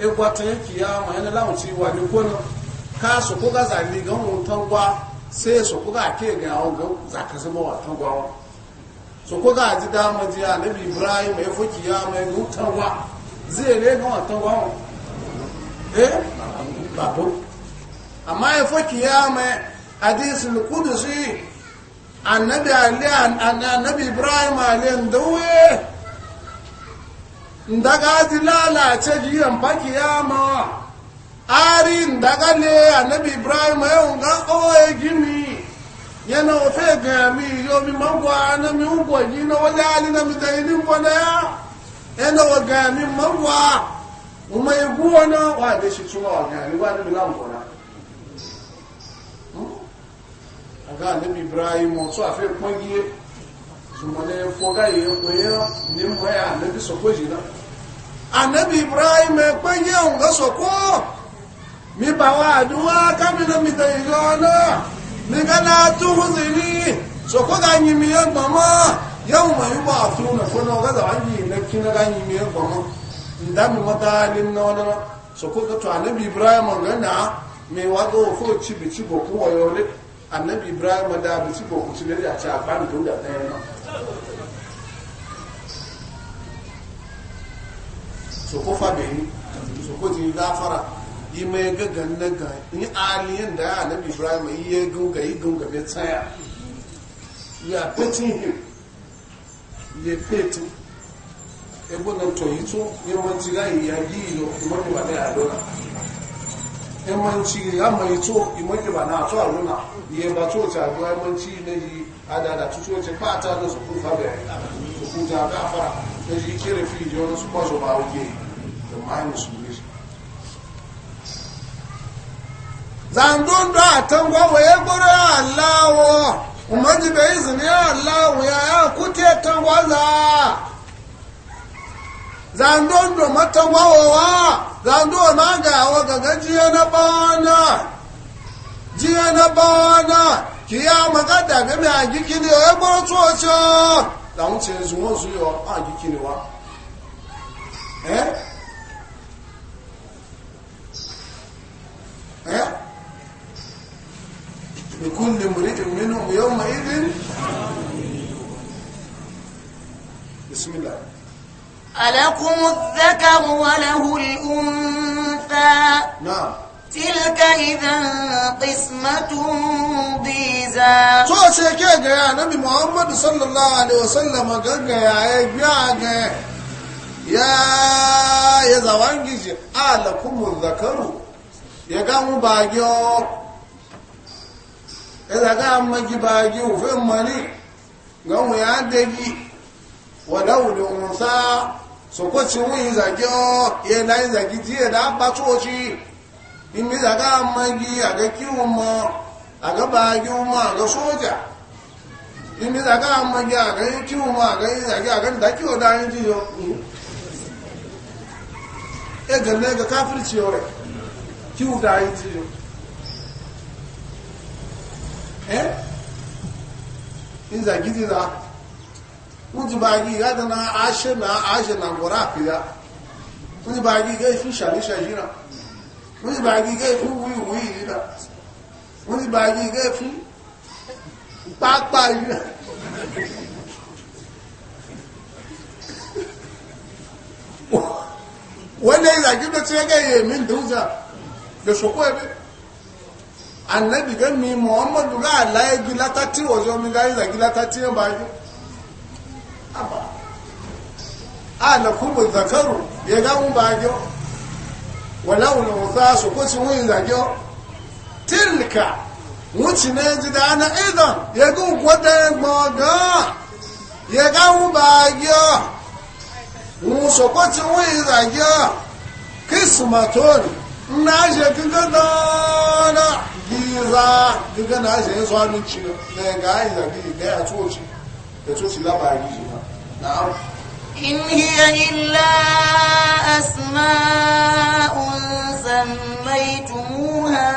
ekwata yanki ya ma yana launci wa ni kono ka so ko ga zali ga mun tangwa sai so ko ga ke ga o ga za ka zama wa tangwa wa so ko ga ji da ma ji annabi ibrahim ya fuki ya ma ga tangwa zai ne ga wa tangwa wa eh babu amma ya fuki ya ma hadisul qudsi annabi ali annabi ibrahim alayhi dawe ndaga ji lalace jiyan faki ya mawa ari ndaga ne anabi ibrahim ya unga oye gimi yana ofe gami yo mi mangwa na mi ugwa na wale ali na mi zaini ngwana ya yana wa gami mangwa uma ya guwa wa da shi tuma wa gami wa na mi langwana aga anabi ibrahim otu afe foga sumane fogaye kwenye ni ya anabi sokoji na annabi ibrahim ẹ̀pẹ́ yẹ́ òun gọ́sọ̀ kó mi bà wá àdúwá kábínà mi tẹ̀ náà mi gánà túhùn sí ní sọ̀kọ́ ga mi yẹ́ gbọ̀mọ́ yẹ́ òun màá àtúrù nà fún náà gọ́sọ̀ wáyé ilẹ̀ kí náà ga yìí mi yẹ́ gbọ̀mọ́ ìdámi mọ́ta ní náà náà sọ̀kọ́ gọ́tọ̀ anabi ibrahim gánà mi wá tó kó tìbì tí kò kú wọ̀yọ́ lé anabi ibrahim dá bìtì kò kú tìbì àti àgbà sokofa ko fa bai so ko ji gafara yi mai gagan na ga ni aliyan da ya nabi ibrahim yi ya gunga yi gunga bai tsaya ya fitin him ya fitin ebo na to yi tun manci ga yi ya yi yi yo imaki ba na ya dora yi manci ya mai to imaki ba na to a luna ya ba to ta zuwa manci na yi adada tutu wace fata da su kun fa bai na ji a tangwa wa ya gburu ya allawo umarji bai izini ya ya ya kute tangwa za zandun mata matangwa wa zandun ma ga wa jiya na bana jiya na bana kiyama ga daga mai agikini ya gburu tsohon làwọn ti zùn wọ́n zùn yọ ààyè kí ni wá ẹ́ ẹ́ ìkún lè mú rídì mínú yóò mọ̀ ìdí bismillah alakumu zakaru wa lahul unta na'am tilka idan qismatun biza so ce ke gaya annabi muhammadu sallallahu alaihi wasallam ga ga ya biya ga ya ya zawangije alakumul zakaru ya ga mu bagyo ya ga magi bagyo fe mani ga mu ya degi walau da unsa so ko ci yi zage o ya na yi zage ji da ba to in mi daga magi a ga kiwon ma a ga bagin soja in mi daga magi a ga yi kiwon ma a yi zage a da kiwo da yin jiyo e ga ne ga kafirci yore kiwo da yin jiyo eh in zagi ji za wuji bagi ya na ashe na ashe na gora fiya wuji bagi ga yi fi shari shajira wọ́n sì bàájí gẹ́ fún wíwú ìrírà wọ́n sì bàájí gẹ́ fún pápá ìrírà wọ́n lè ìràjí ló tí rẹ́gẹ́ yẹ mí dùnzà lè ṣòkó ẹbí annabi gan mi muhammadu ga aláyégi látàtí ọjọ́ mi ga ìràjí látàtí ẹ̀ báyé àbá àlàkùnbù zakaru yẹ gáhùn báyọ́ walau lawthasu kusi wi lajo tilka wuci ne ji da ana idan ya gu kwata gboga ya ga wu ba yo wu so ko ti wi lajo kismaton na je gaga dana giza gaga na je so anu chi ne ya na إن هي إلا أسماء سميتموها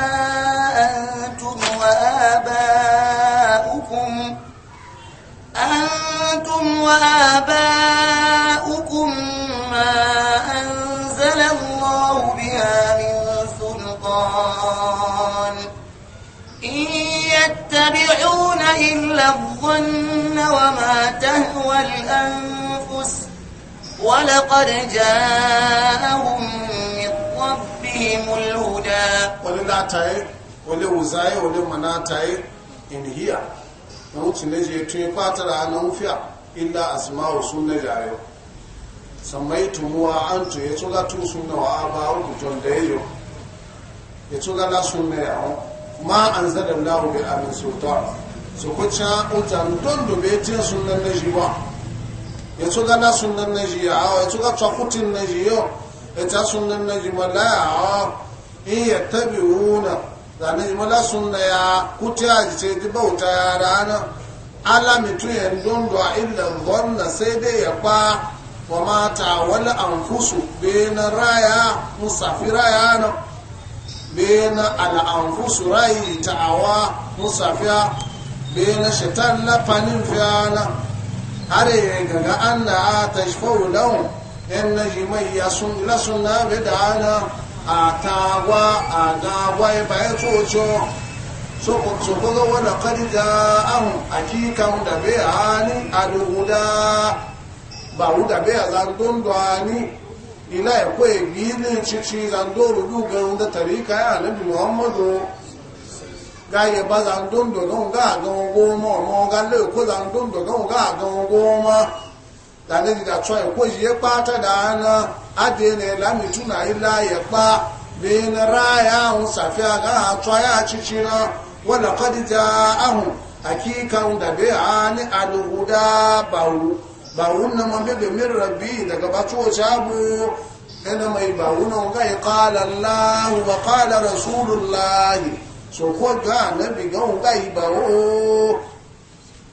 أنتم وآباؤكم أنتم وآباؤكم ما أنزل الله بها من سلطان إن يتبعون إلا الظن وما تهوى الأنفس ولقد جاءهم من ربهم الهدى وللاتاي ولوزاي ولمناتاي in hiya na wuce ne je tun fatar hannun fiya illa asma'u sunna jayo sammai tumuwa an to ya tsoga tun sunna wa aba uku ton da yayo ya tsoga na sunna ya hon ma an zada lahu bi amin sultan so ko cha utan don do be tin sunna ne jiwa yato ga na sunan na ji ya yato ga tsakutin na ji yau ita sunan na ji mala ya in ya tabi wuna da na ji mala sunna ya kuti a ji ce di bauta ya rana ala mitu ya ndondo a illa zonna sai dai ya kwa wa mata wani anfusu be na raya musafi raya na be na al'anfusu rayi awa musafiya bena na shaitan lafanin fiyana har yi ga an na a ta shifo lahun yan na ji mai ya sun ila sun bai da ana a tagwa a dagwa ya bayan tsoco so ko ga wani kadija ba akikan da bai a hani a duhuda ba wuda bai a zangon da hani ila ya kwaye gini cici zangon rudu ganin da tarika ya nabi muhammadu gaye ba zan dum do gon ga gon go mo mo ga le ko zan dum do gon ga gon go ma da ne ga choi ko je pa ta da na ade ne la mi tu na ila ye pa be na ra ya un safia ga choi a chi chi na wa laqad ahu hakika da be ani alhuda bawu bawun na mabe be min rabbi daga ba to shabu ina e mai na ga ya qala allah wa qala rasulullahi soko ga na bi ga un gai ba o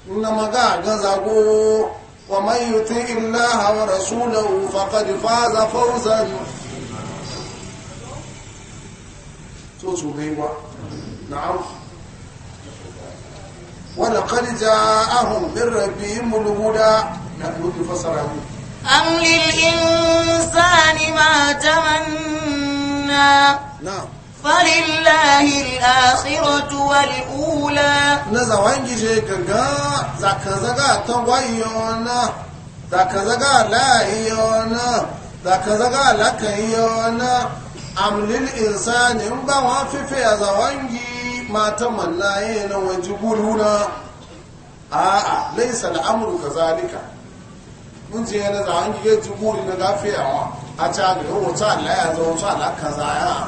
na maga ga zago wa man yuti illaha wa rasulahu faqad faza fawzan to su gai ba na'am wa laqad ja'ahum min rabbihim al-huda na dubi fasara mu am lil ma falillahi al-akhiratu wal-ula na zawangi je gaga zaka zaga ta wayona zaka zaga la yona zaka zaga la kayona amlil insani in ba wa fife a zawangi mata mallaye na waje guruna a'a laysa al-amru kazalika mun je na zawangi ga jiburi na gafiya a ta ga wata Allah ya zo wata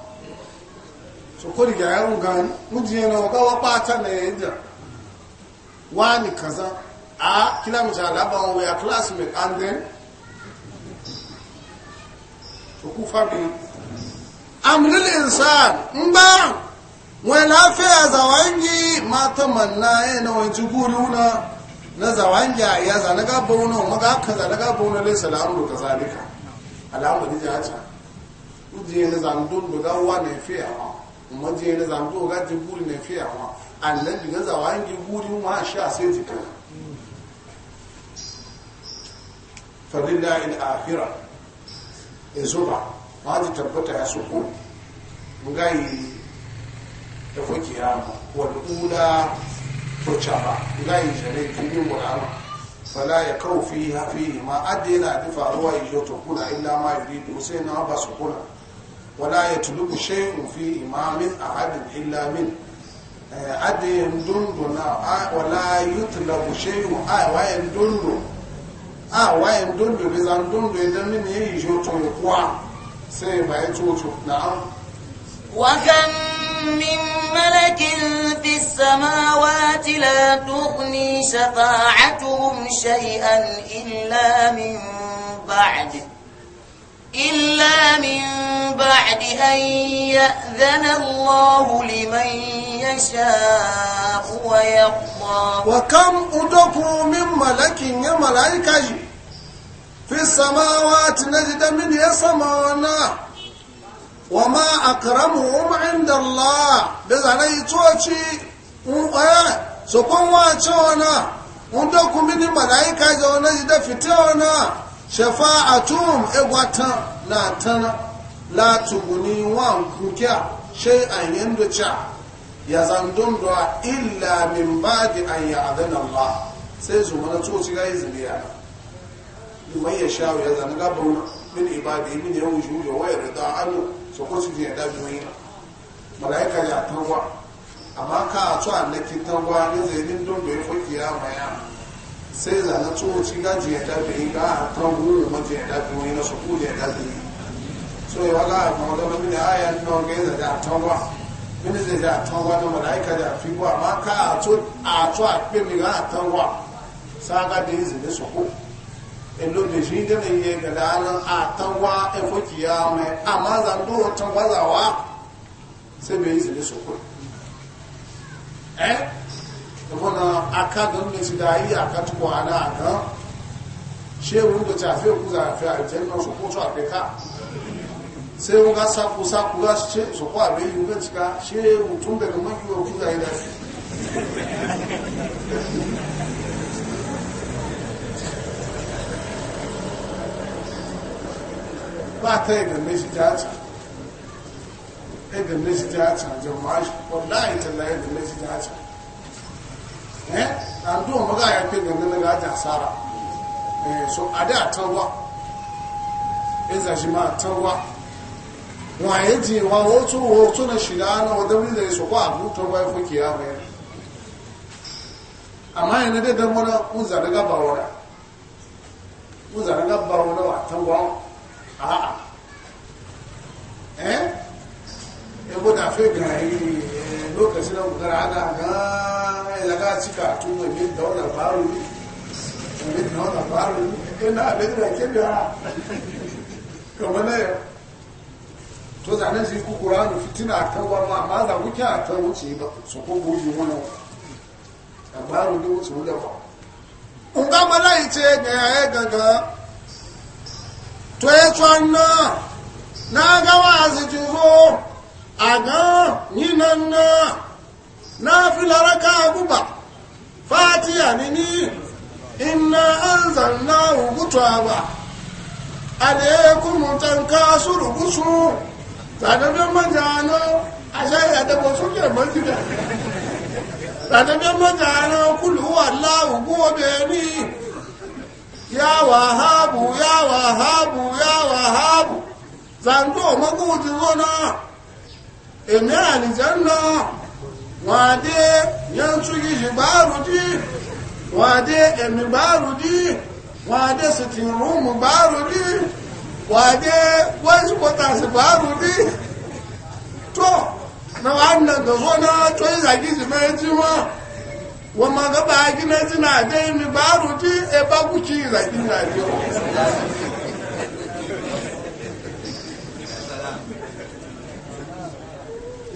sokori ga yawon gani mujiye na gawa bata na yadda wani kaza a kilomita alabawa we are classmate and then so ku fabi amril insan n ba wani lafiya zawangi mata manna ya eh, na wani jiburi wuna na zawangi a iya zane gaba wuna wa kaza aka zane gaba wuna lai salamu da kazalika alamu da jaja mujiye na zandun da gawa na fiye a manje yana zanto ga ti buri ne fiya wa Allah diga za wa ngi buri ha sha sai ti kan fa billahi al-akhirah e zuba ma ji tabbata ya suku ngai ta fo kiyama wal ula to chaba ngai jare ti ni murama fala ya kau fiha fihi ma adina ti faruwa yi to kula illa ma yuridu sai na ba su kula ولا يتلو شيء في إمام أحد إلا من عد آه، يندون آه، ولا يتلوك شيء آه ويندون آه ويندون بزندون بزندون من يجو تلقوا سيما يتوتو نعم وكم من ملك في السماوات لا تغني شفاعتهم شيئا إلا من بعد إلا من بعد أن يأذن الله لمن يشاء ويقضى وكم أدقوا من ملك يا ملائكة في السماوات نجد من يسمعنا وما أكرمهم عند الله بذلك توتي سكون واتونا أدقوا من ملائكة ونجد فتونا shafa'atum egwatan latana tan wa nkukiya shai an yanda ca ya zandun da illa min ba da an yi adana Allah sai su mana tsoci ga izini ya liman ya sha ya zana gaba min ibadi min ya wuce wuce waya da da anu su ko su ya da wani malaika ya tarwa amma ka a tsohon na kitarwa ne zai din don bai fi kiyama ya sai zana tsohoci ga jiya yi ga tangu ma jiya dafi wani na suku jiya yi so yi waka ma wata mini aya na wanga yi da tangwa mini zai da tangwa na malaika da fi wa ma ka a to a to a pe mi ga tangwa sa ga da yi zai suku elo da shi da ne yi ga da nan a tangwa a foki ya mai amma zan do tangwa zawa sai bai yi zai suku eh ta fana aka ga nuna su dayi a kan tuko a nan a kan shehu da tafe ku za a fi a jen nan su kotu a bai ka sai mun ga saku saku za su ce su kuwa bai yi cika shehu tun daga mafi wa ku za a yi dafi ba ta yi ganin shi ta ci ɗaya ganin shi ta ci a jama'a shi wallahi talla yi shi ta ci eh an do maga ya ke ga nan ga ja sara eh so ada tawa eza jima tawa wa yaji wa wotu na shirana wa dawli da su kwa abu tawa ya fuki ya mai amma yana da dan wani uza daga ba wani uza daga ba wani wa tawa a'a eh ebo da fe ga yi lokacin da kuka ana ga ilaga cika tun da bin da wannan faru ne bin da wannan faru ne ina abin da ke da kamar na yau to zanen shi ku kuranu fitina a kan wani amma za ku kya ta wuce ba su ko goji wani labaru ne wuce wuce ba in ga malayi ce da ya yi gaga to ya tsohon na na ga wa azijizo àgán yínanná náà fi lára ká agúbà fàátíyà ní ní iná ba. náà ògútù àwà àdéékùnmù tanká sùrùgúsù tàdébé mọ́jà àná àṣẹ ìyàdẹ́bọ sókè mọ́jìdà tàdébé mọ́jà àná kúlù wà láwùgbú èmi àlìjẹ́ náà wọ́n adé yẹn tún yìí gbáàrù dí wọ́n èmi gbáàrù dí wọ́n adé sìtì tó na wàá nà gàfọ́ náà tó ìzàgìsì wọn wọ́n ma gbá bàá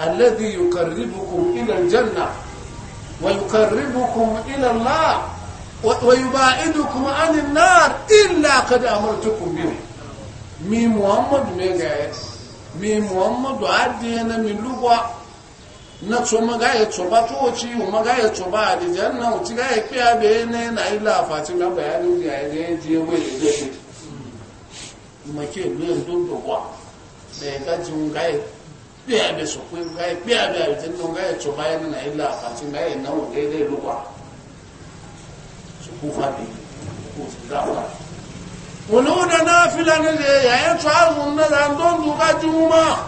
الذي يقربكم إلى الجنة ويقربكم إلى الله ويباعدكم عن النار إلا قد أمرتكم به mi muhammadu me gaye mi muhammadu adi na mi lugwa na to maga ba to ci o maga ya to ba adi janna o ti ga e pe ne na ila afati na ba ya ni ya ne ti e we le de ke le ndo ndo wa be ga ji biya da su kun ga biya da aljanna ga ya to bayan na illa fatin ga yana wa dai dai ruwa su ku fa bi ku su da wa wuluna nafila ne da ya yi tsawon na zandon duka juma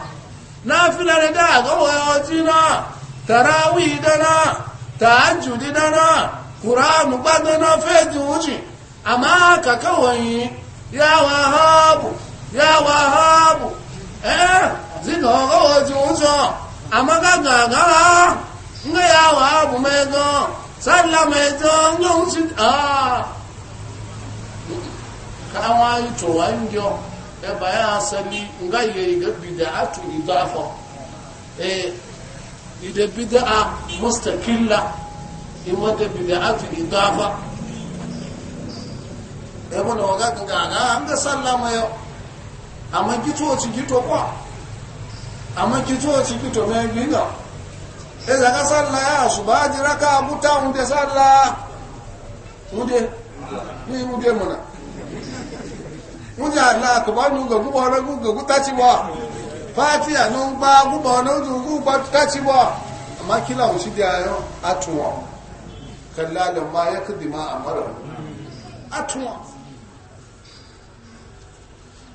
nafila ne da ga wayoji na tarawi dana tahajjudi dana kuranu gbadana fejin wuce amma ka kawai ya wahabu ya wahabu eh zikọrọ otu ụzọ amaka ga-agara ndị ya ahụ abụ m ego sarịla m ego ndị nwụchi ka nwaanyị chụwa njọ ebe ya asali nga ihe ga bido atụ ido afọ ee ide a mustakilla e, imode bido atụ ido afọ ebe na ọga ga-aga nga sallama ya amma gito otu gị tụkwa. amma ki to ci ki to me binga e za ka salla ya suba jira ka buta unde salla unde ni unde mona unde Allah ko ba nu ga ku ba na ku ga ku ta ci ba fatiha no ba ku ba na ku ku ba ta ci ba amma kila mu shi da ayo atuwa kallalan ma yakdima amara atuwa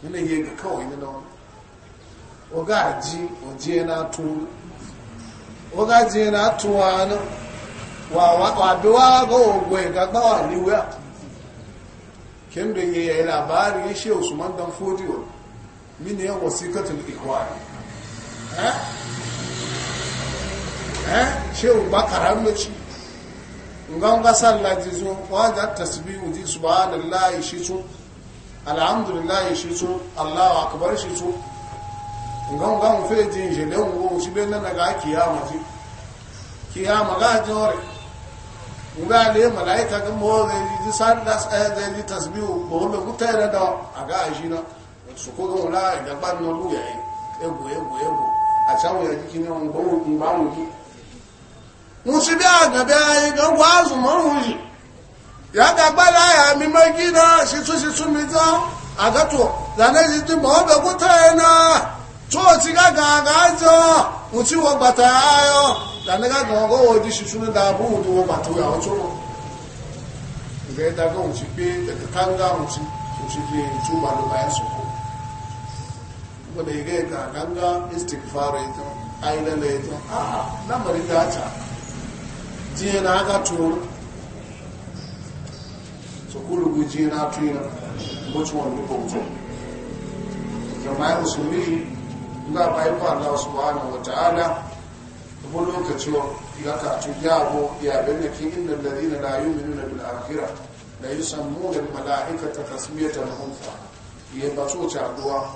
ina yega kawai na wani oga ji na tu oga ji na tu anu wa wa ogwe da ya labari shi Usman dan mini ya wasikatul eh eh shi bakaran mace ngan ga sallaji zo wa ga shi su alhamdulillahi shi su Allahu akbar shi ngan gan fe jin je le wo si be na ga kiyama ji kiyama ga jore nga le malaika ga mo eh, ga ji san das e ga ji tasbihu ko lo kutera da aga shi na su ko ga wala ga ban no lu yayi ego ego ego a chawo ya ji kini on go mu ba mu ji mu si be aga be ayi ga wa zu mo ru ji ya ga gba la ya mi magi na si tu si mi ta aga to la na ji ti mo be kutera na tsoci ga gagajo mutu wa bata ayo da na ga wa gowa shi suna da abu wa ya wato ma ga yadda ga mutu pe kanga mutu mutu ke mutu ba da bayan su ko wanda ya ga ga ganga istighfar ita aina da ita a lamarin da ta jiya na aka to so kulugu jiya na tuyina mutu wani ko mutu jama'ai musulmi duka bayan ko Allah subhanahu wataala ko lokaci lokacin ya ka tu yabo ya banna kin innal ladina la yu'minuna bil akhirah la yusammuna al malaikata tasmiyatan unsa ya ba so ta duwa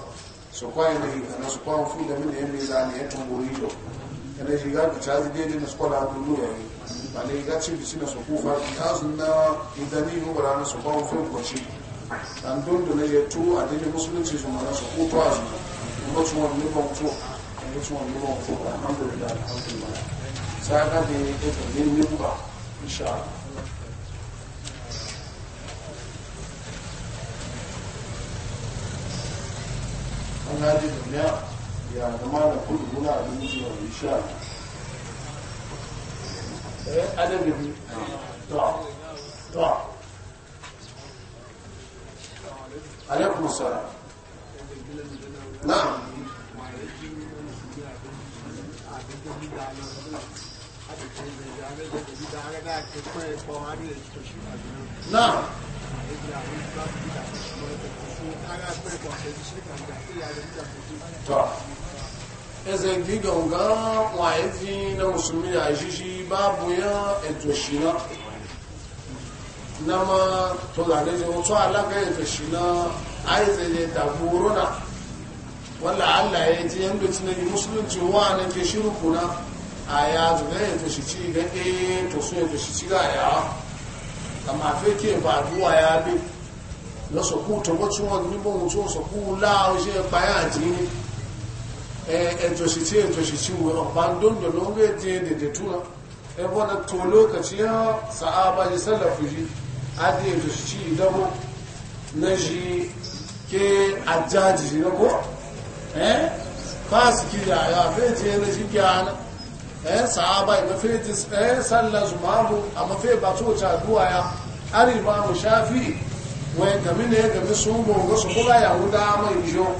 so kwa ne ana so kwa fu da min ne mai zani ya tunguri do ana shi ga ku chazi dai da skola dulu ya ba ne ga ci bisi na so kufa ta sunna idani ko ra na so kwa fu ko ci dan don da ne ya tu adini musulunci su ma na so kufa azuma much more live on to and much more live on to alhamdulillah alhamdulillah so I got the it will live ba inshallah an gaji duniya ya zama da kudu muna da mutu wa insha adabi ta da alaikum salam na'am na'am to ẹzẹ̀ gígangan wọ́n àyè fi na musulmi àìṣíṣí bá bóyán ètò ìṣìná na ma tó ne ìjọ tó alága ètò ìṣìná àìsẹ̀yẹ tàbí oró wala Allah ya ji yanda ci nabi musulunci wa na ke shiru kuna a ya zuga ya to shi ci ga eh to so ya to shi ci ga ya amma fe ke ba duwa ya bi na so ku to wacin wa ni bon to so ku la o je pa ya ji ni eh eh to shi ci e to shi ci wo ba don do no ge je de de tuna e bona to lokaci ya sahaba ji salafu ji adi to shi ci dabo na ji ke ajaji ji na ko eh fasiki ya ya feje na jikiyana eh sahaba ga feje eh sallar zumamu amma fe ba to ta duwa ya ari imamu shafi wai gami ne gami sun gongo su kula ya huda mai jo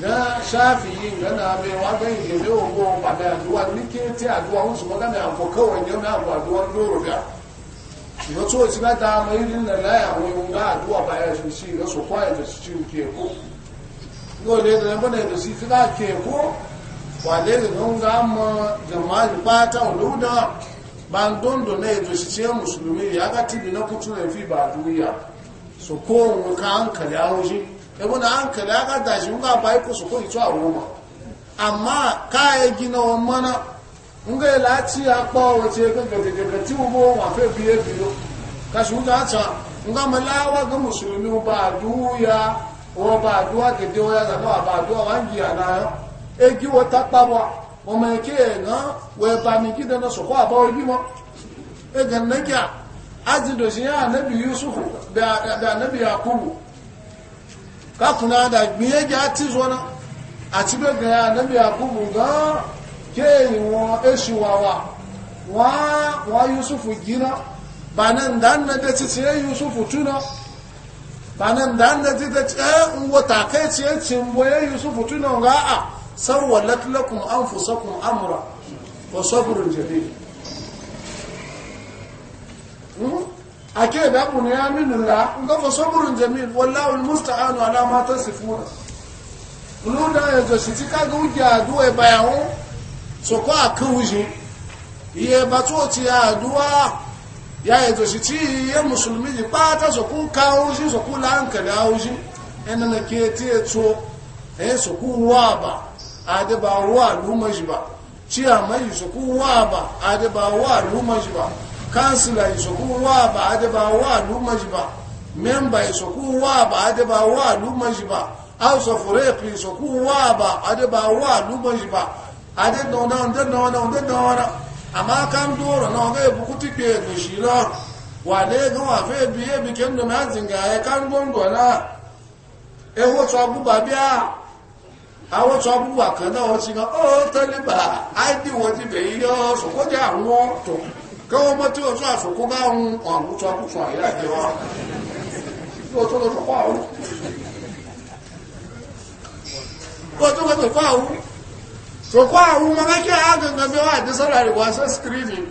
na shafi yi gana mai wagan yi ne ba da aduwa nike te aduwa hun su magana ya na na mai na aduwa ya lóòlé ẹgbẹ́nà ìdòsí tí láti akekwu, wà lérè ló ń ga mọ́ jẹmọ́lì pátá olóòdá bá ń dóńdò náà ìdòsí tí mùsùlùmí yàgá tìbí náà kútù fi bà dúríyà so kó òun ka ń kẹ̀lẹ̀ ahójí ẹgbẹ́nà à ń kẹ̀lẹ̀ agádà sí ń gbà ikú so kó ta wọ́n bá àdúwà kèdè wọ́n yára náà bá àdúwà wá ń jì àná ẹ̀ egi wọ́n tápá wa wọ́n mọ̀ kí ẹ̀ wọ́n bá mi kí dandan sọ̀kọ́ àbá orí mọ́ ẹgàn nẹ́gà ájìdò sí yára yusufu bẹ̀rẹ̀ nẹ́bì yakubu kákùnrin àdà gbìyànjẹ́ àti zọ́nà àti bẹ́gàn yára nẹ́bì gan kéèyàn wọn èṣù wàwà wọ́n yusufu jìnnà bàánà ń títí yusufu túnà banan da an ta ce tsayin eh, wata kai ce cimboye yusufu tunan ra'a sarwa lakun an fusakun amura ko saburin jade hmm? a ke da abu ya minu ra in gafa saburin jamil wallawul musta'anu ala matan sifuna luna ya zo shi cika ga wuge a duwa bayan so ko a kan wuce iye ba ci ya duwa yaya to shi ci yan musulmi bata su ku kawo shi su ku lankali hawo shi yana na ke te to eh su ku wa ba ba wa al'umma shi ba ci a mai su ku wa ba ba wa shi ba kansila su ku wa ba ba wa shi ba memba su ku wa ba ade ba wa shi ba house of rep su ku wa ba ba wa shi ba amma kan doro na ga bu kuti ke da shi wa ne ga wa fe biye bi ken da zinga ya kan gondo na e ho so bu ba bia a ho so bu wa kan na ho si o to le ba ai di wo ti be yo so ko ja won to ka o mo ti o so aso ko ga un o mu so bu so ya je wa o to lo so pa o o to ko to pa o so kwa ahu magake agangamewa a disaurari wasan screening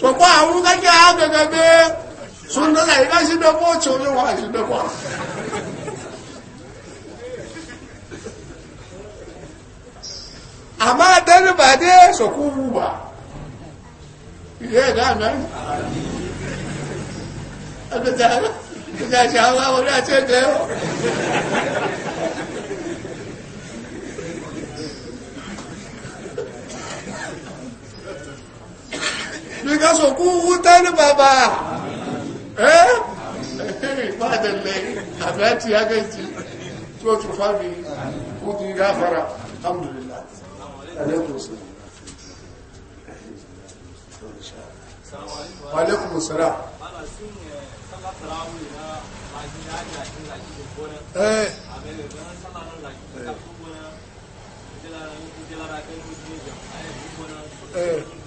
so kwa ahu gake sun da zai da bo cewa wa shi da kwa amma dan ba so ku ba ye da nan da ya da mi ka so ku huta ni baba eh ba da le abati ya gaji to to ku alhamdulillah alaikum wa alaikum eh eh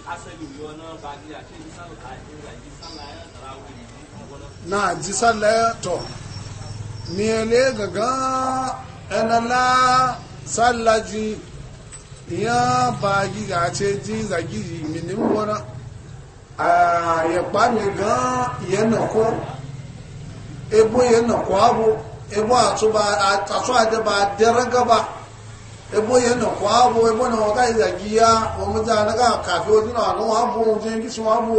na ji sallah to me ne gaga enala sallaji ya bagi ga ce ji zagi minin wona a ya mi ga yana ko ebo yana ko abu ebo atuba atu ade ba deraga ba ebo ihe nnọkọ abụ ebe na ọga ịzagi ya ọmụja anaghị kafe ozi na anụ abụ ozi abụ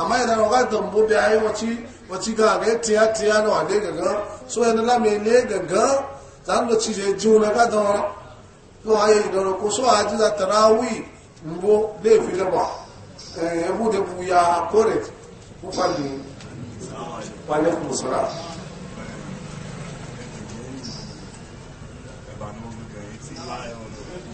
amaghị na ọga dambo bịa anyị wọchi ga aga etia na ọdị gaga so ya nala ma ele gaga za dọrọ na ọha dọrọ ko so ha ji zatara awi mbụ eh, ebu debu ya kore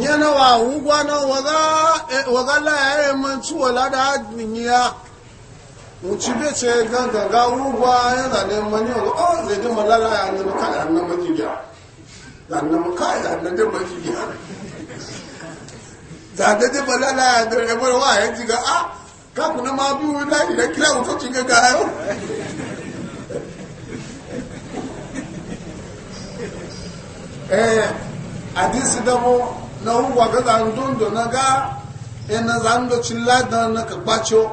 yana wa wugwa na wagala eh, ya yi mantu wala da hajjiya wuce bai ce ga wugwa ya zane mani wa o oh, zai dima lala ya nuna kada hannun majiya zanen na zanen dima majiya zanen dima lala ya nuna yabar e wa ya ji ga ah, a kaku na ma biyu na ila e kira wuto ci ga gayo eh hadisi dabo na huwa ga zandondo na ga e na ina zando cilada na ka gbacho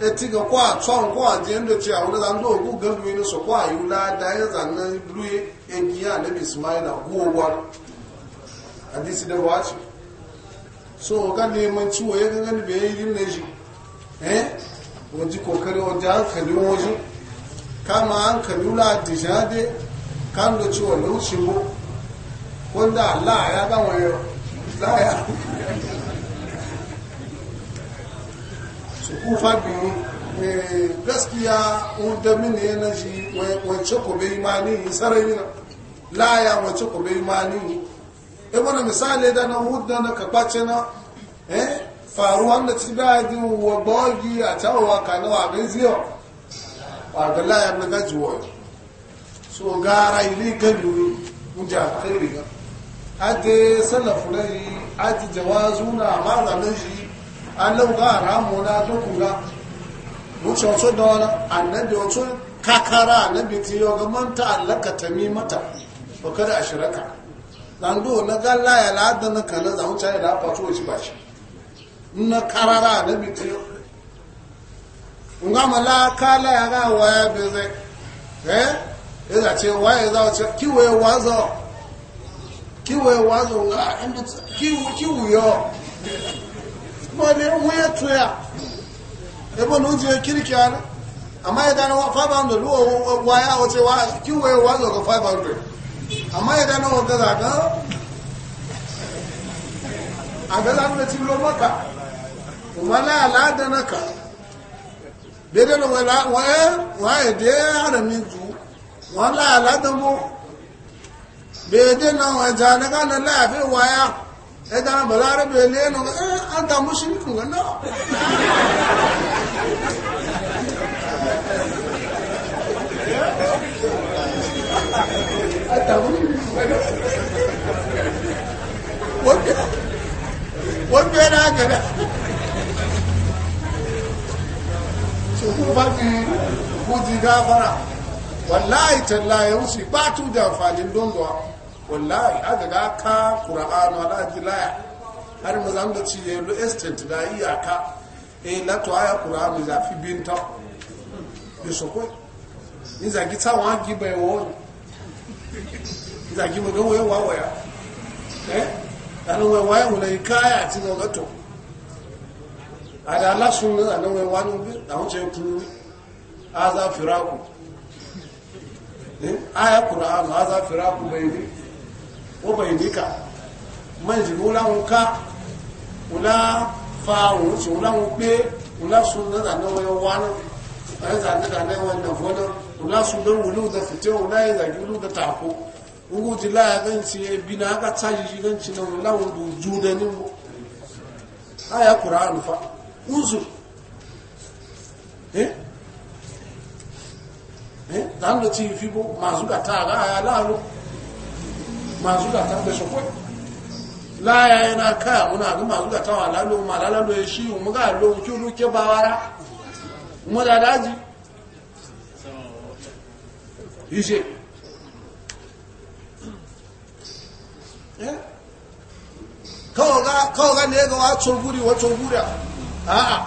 e tiga kwa tson kwa jendo ci a wani ndo ogu gandu ne so kwa yi la da ya zanna ruye e giya na bismaila gowa hadisi dabo wace so ga neman ciwo ya gangan da bai yi ne eh? shi eh waje kokari waje hankali waje kama hankali la dijade kan da ciwo lauci mu kódà láàyà báwọn ẹ̀rọ láàyà sùkú fagbin gaskiya wanda mini yana shi wance ku bai mani sarari na laya wance ku bai mani e wani misali da na hudu na kakwace na eh faru wanda ci da di wa bogi a tawowa kanu a bai ziyo a ga laya na gajiwa so gara ili gabi wuri mun ji alkhairi ga ate salafunai ati jawazuna mara lẹ́yìn alẹ́wọ̀gá haramu tó kúra wuce wato da wani annabi wato kakara annabi ti yau ga manta allaka ta mi mata ba kada a shiraka zando na galla ya lada na kala za wuce ya dafa to wace ba shi na karara annabi ti yau ngama la kala ya ga waya bezai eh ya ce waya za wuce kiwe wazo kíwẹ̀ wà zọ̀rọ̀ kíwùyọ́ mọ́ wa wọ́n yẹ tó yà ẹbọ́ ní oúnjẹ kíríkì ara àmá ìdáná 500 ló wáyá ọ̀tẹ́ kíwẹ̀ wà zọ̀rọ̀ 500 àmá ìdáná ọ̀gẹ́dà gan àgẹ́dà ní ti lọ mọ́ka wọ́lá aládẹ́nà ká dédé lọ wọ́n yẹ wọ́n yẹ dé àrẹ̀mí jù wọ́n lá aládẹ́mọ́ bèèdè náà ẹ̀jà nígbà nílẹ̀ àfi wáyà ẹ̀dá bàlá rẹ̀ bèèlè ẹ̀nà ẹ̀ àdá mùsùlùmí kù náà. wọ́n gbé náà gẹ̀rẹ́ ṣùkú bá fi kú ti wallahi aga ga ka qur'anu ala jilaya har mu zan da ci ye lo estent da iya ka e eh, la to aya qur'anu za fi binta bi so ko in za gi tsawa gi bai wo in za gi mu ga wo wa wa ya eh dan wo wa ya mu lai kaya ti no ga to ada la sun na dan wo wa no bi dan ce ku aza firaku eh aya qur'anu aza firaku bai wọ́n bẹ̀rẹ̀ níkà mẹ́jì ló láwọn ká wọ́lá fa òun tí wọ́n láwọn pé wọ́lá sun náà náà wá náà wọ́n zà náà náà náà wọ́lá sun náà wọ́n lóun fìtẹ́ wọ́n láyé zàgí tààkó wọ́n ti láyà ti ebi náà ká tá yìí ti náà láwọn bò ju kùrà àlùfà fi bó masu gatan da shakwai láyá yana káyà muna àgbé masu gatan wa lálóhun ma lálálò eṣí òun mọ́gá lóhun kí olú ké bá wárá mọ́ dáadáji ìṣe kawo ga ne ga wa tsoguri wa tsoguri a'a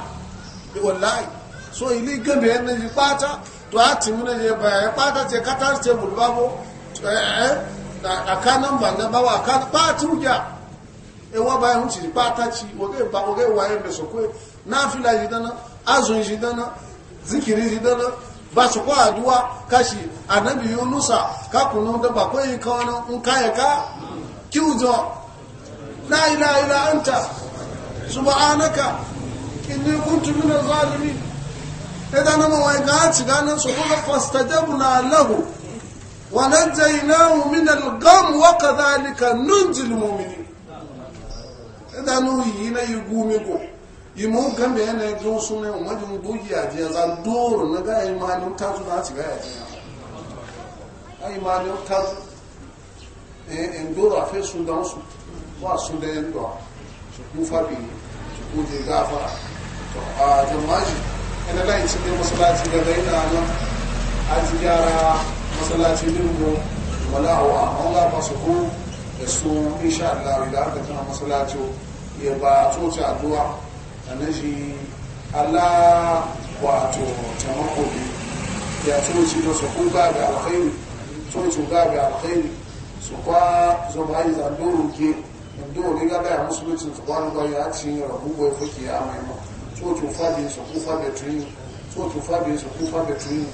wallahi so ilé gẹ́bẹ̀ ẹni pátá tó á ti múnẹ̀ yẹ bẹ̀rẹ̀ pátá tẹ kátà tẹ bùrùbá bó akanan banga bawa kan patu ja ewa wa ba hun ci ta ci oge ba oge wa e so ko na fila jidana azun jidana zikiri jidana ba su ko aduwa kashi anabi yunusa ka kunu da ba ko yi kawana in kaya ka kiujo la ilaha illa anta subhanaka inni kuntu min zalimin idan ma wa ga ci ganan su ko fastajabna lahu ونجيناه من الغم وكذلك ننجي المؤمنين إذا نوينا يقومكم yimu gambe yana yanzu suna yin wajen gogi a jiya za doro na ga imanin tasu za su gaya jiya a imanin tasu in doro a fe sun dan su ba su da yin dawa su kufa biyu su kuje gafara a jamaji yana layin cikin a masallaci dinmu wala wa Allah ba su ku da su insha Allah da aka tana masallaci ya ba tsoci addu'a annan shi Allah wato tamako bi ya tsoci da su ku ga ga alkhairi tsoci ga ga alkhairi su kwa zo yi za duru ke duru ne ga da musulunci su kwa ga ya ci rabu bai fuki ya mai ma tsoci fa bi su ku fa da tuyi tsoci fa bi su ku fa da tuyi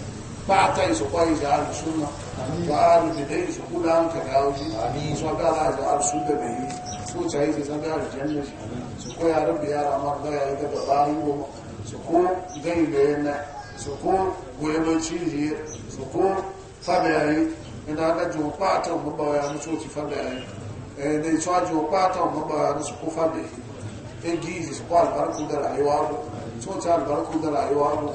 pátá ìsọ̀kọ́ ìjà àrùsúnà àmúgbà àrùdìdẹ́ ìsọ̀kú láǹkà gáwọ́jú ìsọ̀kọ́ alájà àrùsúnbẹ̀bẹ̀ yìí tó tàí ti sáré àrùjẹ́mẹ̀ sọ̀kọ́ ya rẹ̀ bìyà rà máa gbáyà ilẹ̀ bàbá yíwọ́ sọ̀kọ́ gẹ́yìnlẹ̀ ẹ̀nà sọ̀kọ́ goyamancin yìí sọ̀kọ́ yi, ina adájọ́ pátá ọmọbàwà ní tó ti fàbẹ̀yàrí ẹ̀ẹ́dẹ̀ ìtọ́jú pátá yi, ní sọ̀kọ́ fàbẹ̀yàrí ẹgí ìsọ̀kọ́ àlùbáríkù dára ayọ́wárò tó ti àlùbáríkù dára ayọ́wárò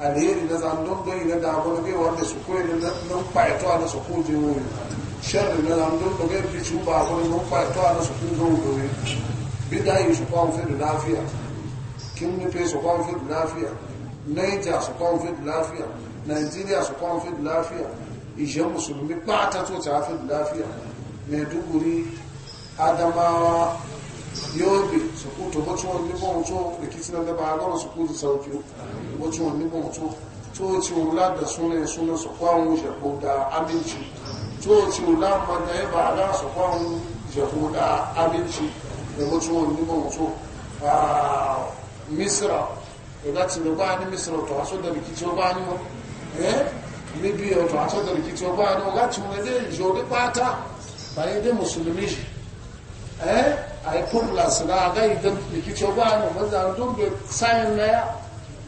alheri na zandon don ina da abu na bai wanda su kure na nan kwayato na su kuje wuri sharri na zandon don bai fi cuba abu na nan kwayato na su kuje wuri bi da yi su kwan fi da lafiya kin nufe su kwan fi da lafiya naija su kwan fi da lafiya nigeria su kwan fi da lafiya ishe musulmi ba ta to ta fi da lafiya maiduguri adamawa yobe su kuto wacce wani bon wato da kiti da ba gano su kuto sauki wacce wani bon wato to ci wula da suna suna su kwan jabo da aminci to ci wula ma da ba ga su kwan da aminci da wacce wani bon wato a misra da dati da ba ni misra to aso da rikici ba ni mo eh ni bi to aso da rikici ba ni mo ga ci mo ne je o de pata ba ye de musulmi Ayi ai kurla suna ga idan liki ce ba ne maza don be sayin na ya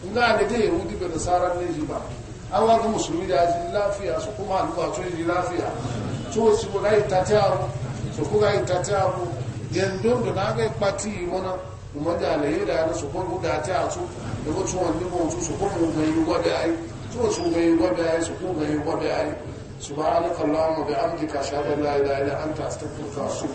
nga da ta yahudi be da saran ne ba an wa ga musulmi da ji lafiya su kuma a to yi lafiya to su ga ta abu su ku ga ta abu yan da na ga pati wona kuma da alai da su ko ga ta su da ko wani ne su ko mu yi gobe ai yi su